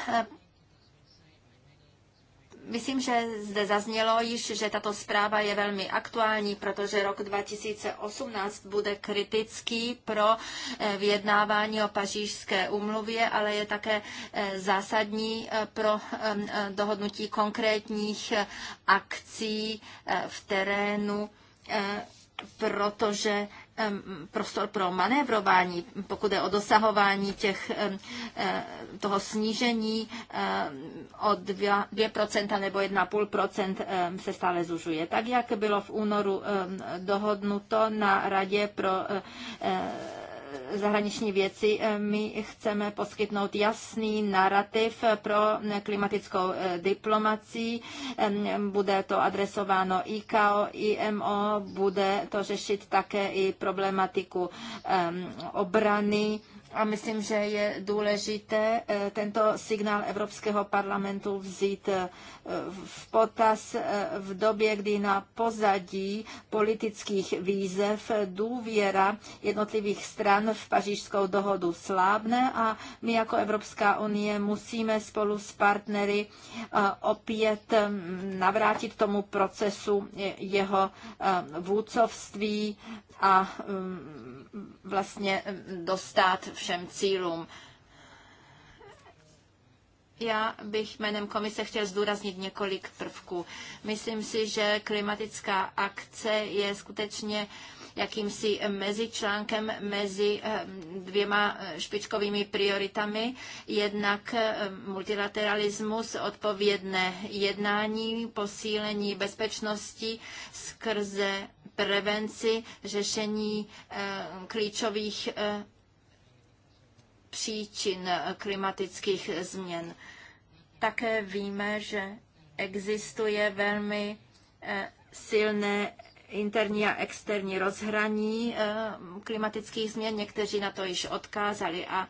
S2: Myslím, že zde zaznělo již, že tato zpráva je velmi aktuální, protože rok 2018 bude kritický pro eh, vyjednávání o pařížské umluvě, ale je také eh, zásadní eh, pro dohodnutí konkrétních akcí v terénu, protože prostor pro manévrování, pokud je o dosahování těch, eh, toho snížení eh, o 2%, nebo 1,5% se stále zužuje. Tak, jak bylo v únoru dohodnuto na Radě pro eh, zahraniční věci, eh, my chceme poskytnout jasný narrativ pro klimatickou eh, diplomaci. Bude to adresováno IKO, IMO, bude to řešit také i problematiku obrany a myslím, že je důležité eh, tento signál Evropského parlamentu vzít eh, v potaz eh, v době, kdy na pozadí politických výzev důvěra jednotlivých stran v pařížskou dohodu slábne a my jako Evropská unie musíme spolu s partnery opět mm, navrátit tomu procesu jeho vůdcovství a um, vlastně dostat všem cílům. Já bych jménem komise chtěl zdůraznit několik prvků. Myslím si, že klimatická akce je skutečně uh, jakýmsi mezičlánkem mezi eh, dvěma eh, špičkovými prioritami. Jednak eh, multilateralismus, odpovědné jednání, posílení bezpečnosti skrze prevenci, řešení klíčových příčin klimatických změn. Také víme, že existuje velmi silné interní a externí rozhraní eh, klimatických změn. Někteří na to již odkázali a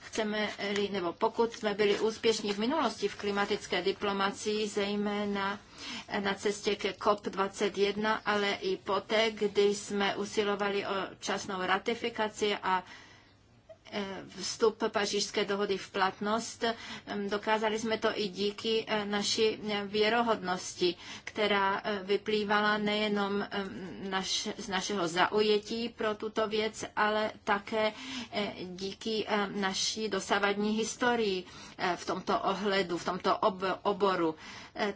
S2: chceme, nebo pokud jsme byli úspěšní v minulosti v klimatické diplomacii, zejména na cestě ke COP21, ale i poté, kdy jsme usilovali o časnou ratifikaci a Eh, vstup pařížské dohody v platnost. Dokázali jsme to i díky eh, naší eh, věrohodnosti, která vyplývala nejenom naš, z našeho zaujetí pro tuto věc, ale také díky naší dosavadní historii v tomto ohledu, v tomto ob, oboru.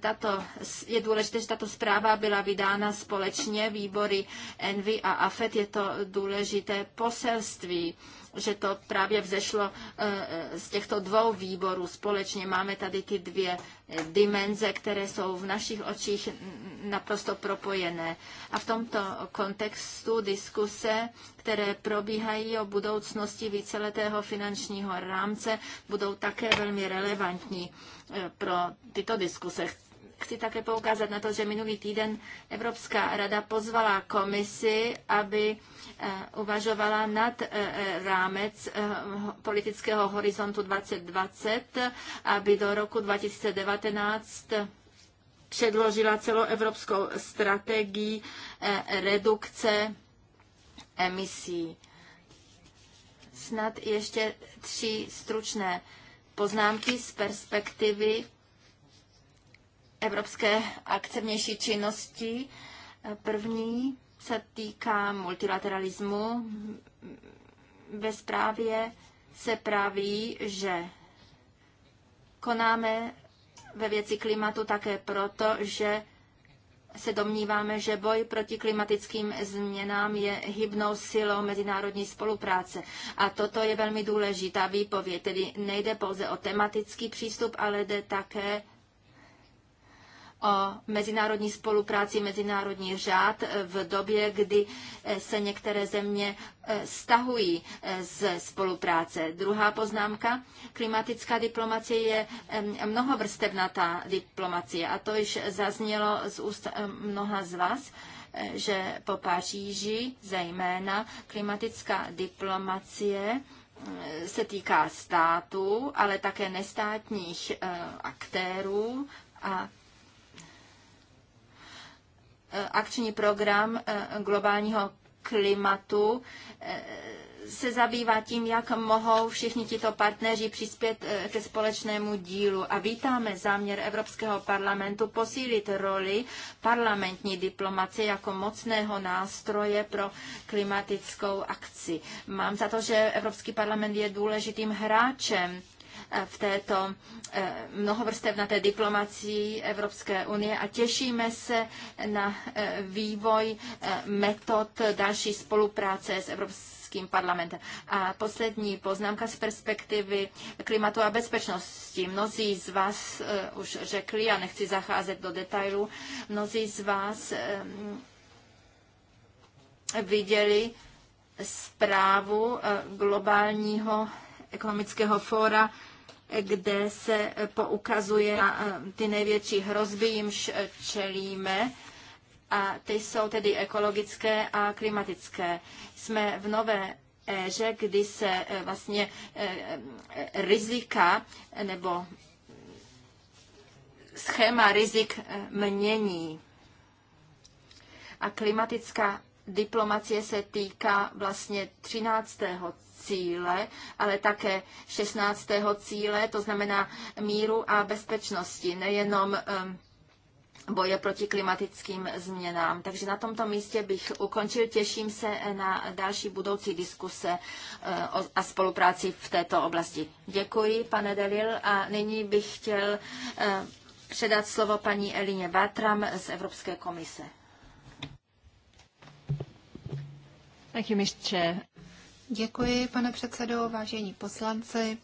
S2: Tato, je důležité, že tato zpráva byla vydána společně výbory Envy a AFET. Je to důležité poselství že to právě vzešlo eh, eh, z těchto dvou výborů společně. Máme tady ty dvě eh, dimenze, které jsou v našich očích naprosto propojené. A v tomto kontextu diskuse, které probíhají o budoucnosti víceletého finančního rámce, budou také velmi relevantní pro tyto diskuse chci také poukázat na to, že minulý týden Evropská rada pozvala komisi, aby eh, uvažovala nad eh, rámec eh, politického horizontu 2020, aby do roku 2019 předložila celoevropskou strategii redukce emisí. Snad ještě tři stručné poznámky z perspektivy Evropské akce vnější činnosti. První se týká multilateralismu. Ve zprávě se praví, že konáme ve věci klimatu také proto, že se domníváme, že boj proti klimatickým změnám je hybnou silou mezinárodní spolupráce. A toto je velmi důležitá výpověď, tedy nejde pouze o tematický přístup, ale jde také o mezinárodní spolupráci, mezinárodní řád v době, kdy eh, se některé země eh, stahují eh, z spolupráce. Druhá poznámka, klimatická diplomacie je mnohovrstevnatá diplomacie a to již zaznělo z úst mnoha z vás že po Paříži zejména klimatická diplomacie se týká států, ale také nestátních aktérů a Eh, akční program eh, globálního klimatu eh, se zabývá tím, jak mohou všichni tito partneři přispět ke společnému dílu. A vítáme záměr Evropského parlamentu posílit roli parlamentní diplomacie jako mocného nástroje pro klimatickou akci. Mám za to, že Evropský parlament je důležitým hráčem Eh, v této eh, mnohovrstevnaté diplomacii Evropské unie a těšíme se na eh, vývoj metod další spolupráce s Evropskou Evropským parlamentem. A poslední poznámka z perspektivy klimatu a bezpečnosti. Mnozí z vás uh, už řekli, a nechci zacházet do detailů, mnozí z vás um, viděli zprávu uh, globálního ekonomického fóra kde se poukazuje na eh, ty největší hrozby, jimž eh, čelíme a ty jsou tedy ekologické a klimatické. Jsme v nové éře, kdy se eh, vlastně rizika nebo schéma rizik mění. A klimatická diplomacie se týká vlastně 13 cíle, ale také 16. cíle, to znamená míru a bezpečnosti, nejenom boje proti klimatickým změnám. Takže na tomto místě bych ukončil. Těším se na další budoucí diskuse eh, a spolupráci v této oblasti. Děkuji, pane Delil, a nyní bych chtěl eh, předat slovo paní Elině Batram
S3: z Evropské komise. Thank you, Mr. Chair. Děkuji, pane předsedo, vážení poslanci.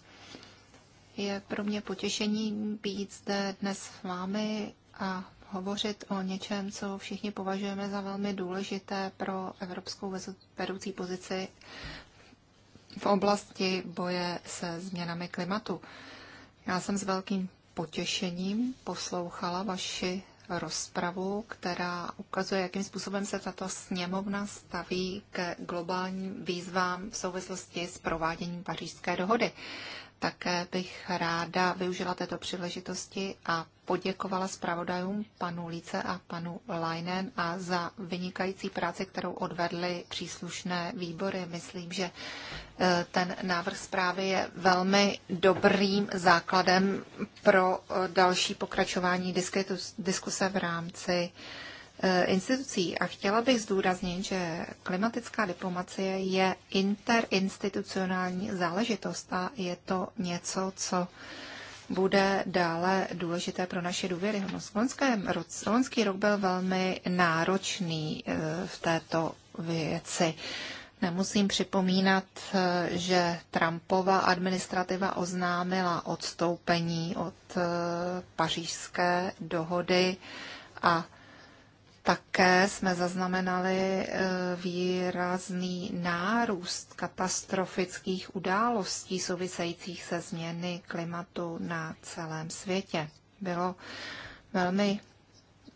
S3: Je pro mě potěšením být zde dnes s vámi a hovořit o něčem, co všichni považujeme za velmi důležité pro evropskou vedoucí pozici v oblasti boje se změnami klimatu. Já jsem s velkým potěšením poslouchala vaši rozpravu, která ukazuje, jakým způsobem se tato sněmovna staví k globálním výzvám v souvislosti s prováděním pařížské dohody. Také bych ráda využila této příležitosti a poděkovala zpravodajům panu Líce a panu Leinen a za vynikající práci, kterou odvedly příslušné výbory. Myslím, že eh, ten návrh zprávy je velmi dobrým základem pro eh, další pokračování diskuse v rámci Eh, institucí. A chtěla bych zdůraznit, že klimatická diplomacie je interinstitucionální záležitost a je to něco, co bude dále důležité pro naše důvěryhodnost. Loňský rok byl velmi náročný eh, v této věci. Nemusím připomínat, eh, že Trumpova administrativa oznámila odstoupení od pařížské dohody a také jsme zaznamenali e, výrazný nárůst katastrofických událostí souvisejících se změny klimatu na celém světě. Bylo velmi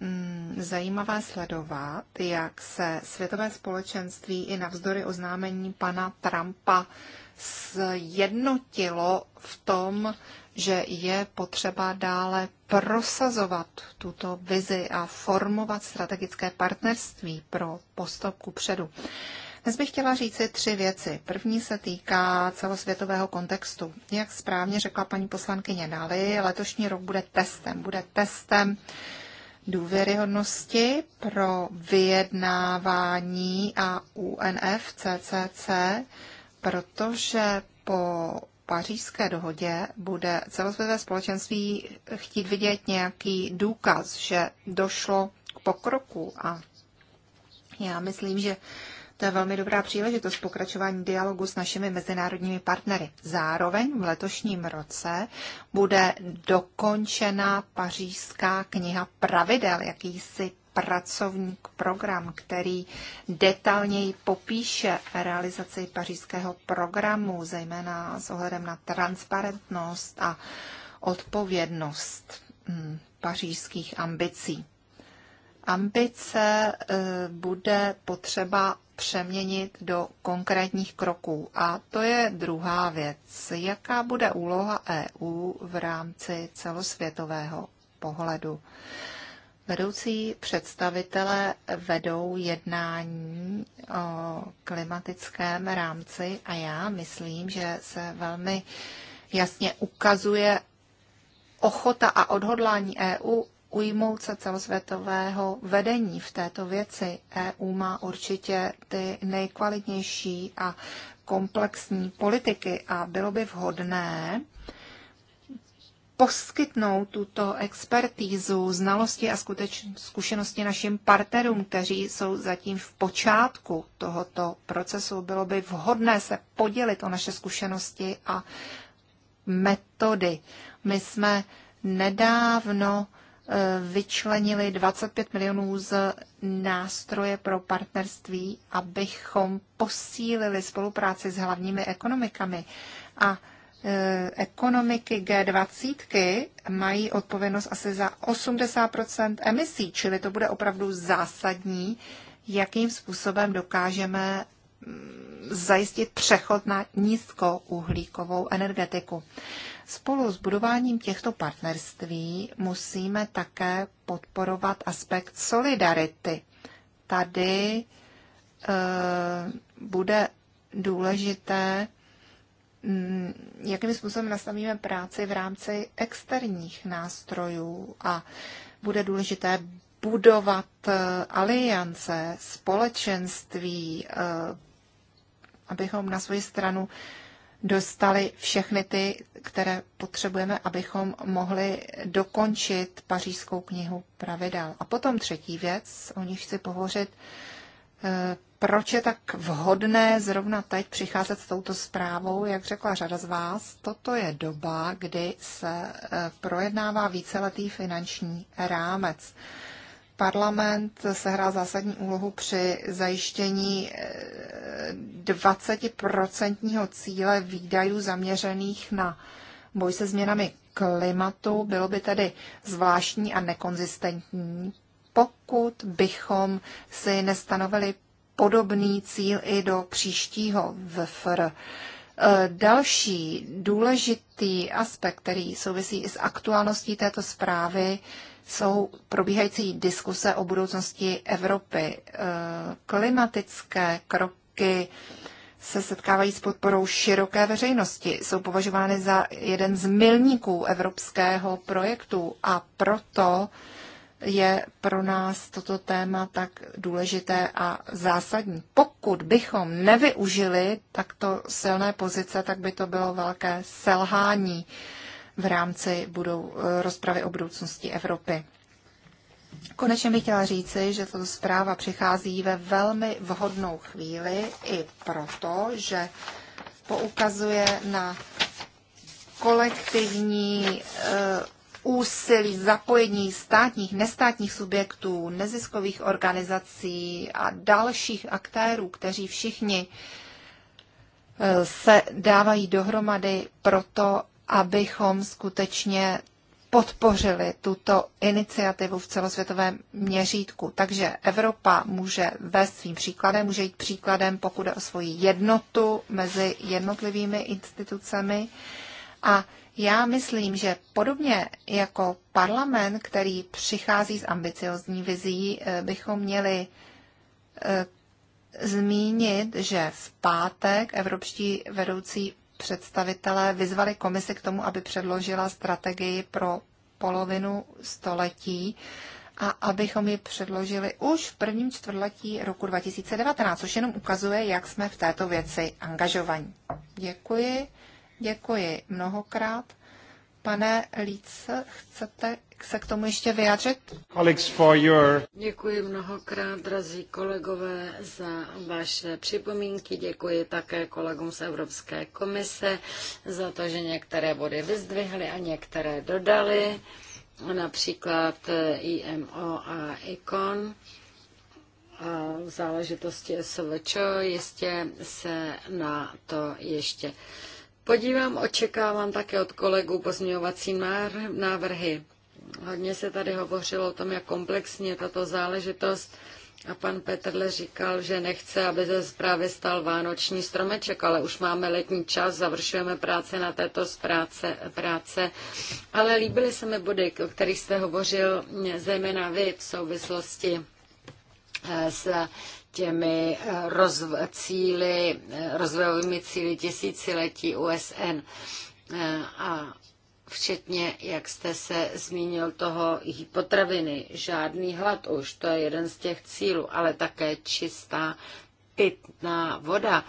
S3: mm, zajímavé sledovat, jak se světové společenství i navzdory oznámení pana Trumpa zjednotilo v tom, že je potřeba dále prosazovat tuto vizi a formovat strategické partnerství pro postup ku předu. Dnes bych chtěla říci tři věci. První se týká celosvětového kontextu. Jak správně řekla paní poslankyně Dali, letošní rok bude testem. Bude testem důvěryhodnosti pro vyjednávání a UNFCCC, protože po pařížské dohodě bude celosvětové společenství chtít vidět nějaký důkaz, že došlo k pokroku a já myslím, že to je velmi dobrá příležitost pokračování dialogu s našimi mezinárodními partnery. Zároveň v letošním roce bude dokončena pařížská kniha pravidel, jakýsi pracovník program, který detailněji popíše realizaci pařížského programu, zejména s ohledem na transparentnost a odpovědnost mm, pařížských ambicí. Ambice e, bude potřeba přeměnit do konkrétních kroků. A to je druhá věc. Jaká bude úloha EU v rámci celosvětového pohledu? Vedoucí představitelé vedou jednání o klimatickém rámci a já myslím, že se velmi jasně ukazuje ochota a odhodlání EU ujmout se celosvětového vedení v této věci. EU má určitě ty nejkvalitnější a komplexní politiky a bylo by vhodné, poskytnout tuto expertízu, znalosti a zkušenosti našim partnerům, kteří jsou zatím v počátku tohoto procesu. Bylo by vhodné se podělit o naše zkušenosti a metody. My jsme nedávno eh, vyčlenili 25 milionů z nástroje pro partnerství, abychom posílili spolupráci s hlavními ekonomikami. A Eh, ekonomiky G20 mají odpovědnost asi za 80 emisí, čili to bude opravdu zásadní, jakým způsobem dokážeme mm, zajistit přechod na nízkouhlíkovou energetiku. Spolu s budováním těchto partnerství musíme také podporovat aspekt solidarity. Tady e, bude důležité Mm, jakým způsobem nastavíme práci v rámci externích nástrojů a bude důležité budovat eh, aliance, společenství, eh, abychom na svoji stranu dostali všechny ty, které potřebujeme, abychom mohli dokončit pařížskou knihu pravidel. A potom třetí věc, o níž chci pohořit, eh, proč je tak vhodné zrovna teď přicházet s touto zprávou, jak řekla řada z vás, toto je doba, kdy se eh, projednává víceletý finanční rámec. Parlament sehrál zásadní úlohu při zajištění 20% eh, cíle výdajů zaměřených na boj se změnami klimatu. Bylo by tedy zvláštní a nekonzistentní, pokud bychom si nestanovili podobný cíl i do příštího VFR. Eh, další důležitý aspekt, který souvisí i s aktuálností této zprávy, jsou probíhající diskuse o budoucnosti Evropy. Eh, klimatické kroky se setkávají s podporou široké veřejnosti, jsou považovány za jeden z milníků evropského projektu a proto uh, je pro nás toto téma tak důležité a zásadní. Pokud bychom nevyužili takto silné pozice, tak by to bylo velké selhání v rámci budou, rozpravy o budoucnosti Evropy. Konečně bych chtěla říci, že tato zpráva přichází ve velmi vhodnou chvíli i proto, že poukazuje na kolektivní eh, úsilí zapojení státních, nestátních subjektů, neziskových organizací a dalších aktérů, kteří všichni eh, se dávají dohromady proto, abychom skutečně podpořili tuto iniciativu v celosvětovém měřítku. Takže Evropa může vést svým příkladem, může jít příkladem, pokud je o svoji jednotu mezi jednotlivými institucemi. A já myslím, že podobně jako parlament, který přichází s ambiciozní vizí, eh, bychom měli eh, zmínit, že v pátek evropští vedoucí představitelé vyzvali komisi k tomu, aby předložila strategii pro polovinu století a abychom ji předložili už v prvním čtvrtletí roku 2019, což jenom ukazuje, jak jsme v této věci angažovaní. Děkuji. Děkuji mnohokrát. Pane Líce, chcete se k tomu ještě vyjádřit? Děkuji
S1: mnohokrát, drazí kolegové, za vaše připomínky. Děkuji také kolegům z Evropské komise za to, že některé body vyzdvihly a některé dodali, například eh, IMO a ICON. A v záležitosti SVČ jistě se na to ještě Podívám, očekávám také od kolegů pozměňovací návrhy. Hodně se tady hovořilo o tom, jak komplexně tato záležitost a pan Petrle říkal, že nechce, aby ze zprávy stal vánoční stromeček, ale už máme letní čas, završujeme práce na této zpráce, práce. Ale líbily se mi body, o kterých jste hovořil, zejména vy v souvislosti eh, s těmi eh, rozv- cíly, eh, rozvojovými cíly tisíciletí USN eh, a včetně, jak jste se zmínil, toho potraviny. Žádný hlad už, to je jeden z těch cílů, ale také čistá pitná voda.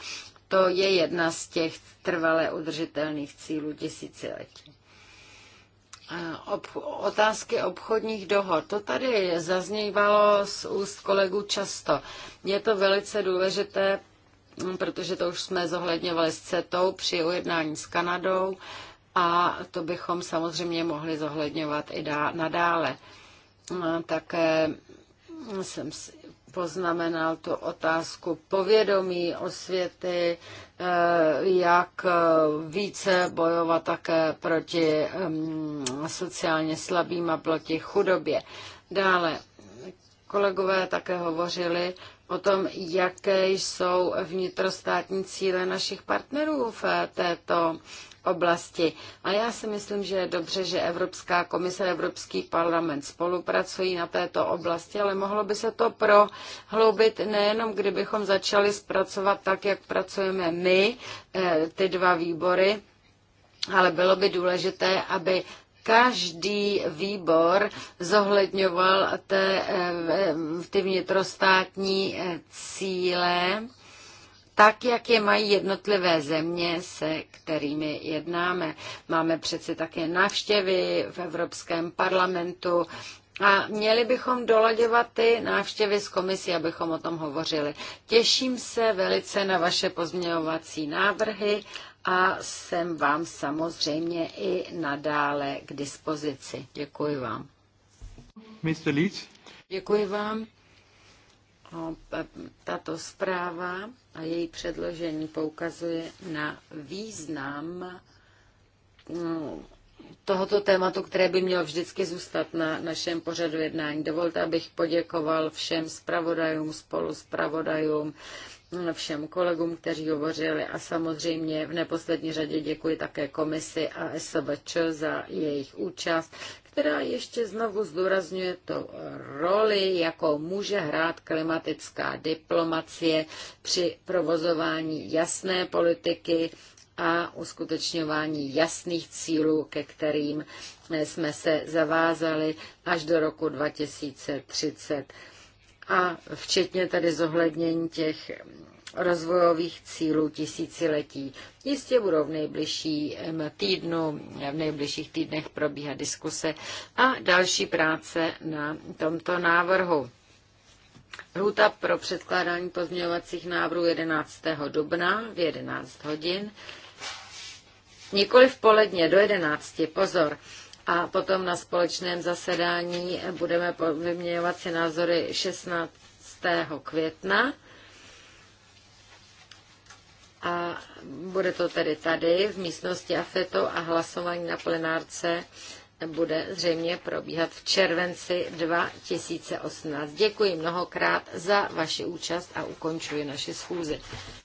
S1: To je jedna z těch trvale udržitelných cílů tisíciletí ob, otázky obchodních dohod. To tady zaznívalo z úst kolegů často. Je to velice důležité, protože to už jsme zohledňovali s CETou při ujednání s Kanadou a to bychom samozřejmě mohli zohledňovat i dá, nadále. Také jsem si poznamenal tu otázku povědomí, osvěty, eh, jak eh, více bojovat také proti sociálně slabým a proti chudobě. Dále kolegové také hovořili o tom, jaké jsou vnitrostátní cíle našich partnerů v eh, této oblasti. A já si myslím, že je dobře, že Evropská komise, Evropský parlament spolupracují na této oblasti, ale mohlo by se to prohloubit nejenom, kdybychom začali zpracovat tak, jak pracujeme my, eh, ty dva výbory, ale bylo by důležité, aby každý výbor zohledňoval té, eh, ty vnitrostátní eh, cíle tak, jak je mají jednotlivé země, se kterými jednáme. Máme přece také návštěvy v Evropském parlamentu, a měli bychom doladěvat ty návštěvy z komisí, abychom o tom hovořili. Těším se velice na vaše pozměňovací návrhy a jsem vám samozřejmě i nadále k dispozici. Děkuji vám.
S2: Mr. Leeds.
S1: Děkuji vám. No, tato zpráva a její předložení poukazuje na význam mm, tohoto tématu, které by mělo vždycky zůstat na našem pořadu jednání. Dovolte, abych poděkoval všem zpravodajům, spolu zpravodajům, všem kolegům, kteří hovořili a samozřejmě v neposlední řadě děkuji také komisi a SVČ za jejich účast, která ještě znovu zdůrazňuje to roli, jakou může hrát klimatická diplomacie při provozování jasné politiky a uskutečňování jasných cílů, ke kterým jsme se zavázali až do roku 2030 a včetně tedy zohlednění těch rozvojových cílů tisíciletí. Jistě budou v nejbližším týdnu, v nejbližších týdnech probíhat diskuse a další práce na tomto návrhu. Lhůta pro předkládání pozměňovacích návrhů 11. dubna v 11 hodin. Nikoli v poledně do 11. Pozor a potom na společném zasedání budeme vyměňovat si názory 16. května. A bude to tedy tady v místnosti Afeto a hlasování na plenárce bude zřejmě probíhat v červenci 2018. Děkuji mnohokrát za vaši účast a ukončuji naši schůzi.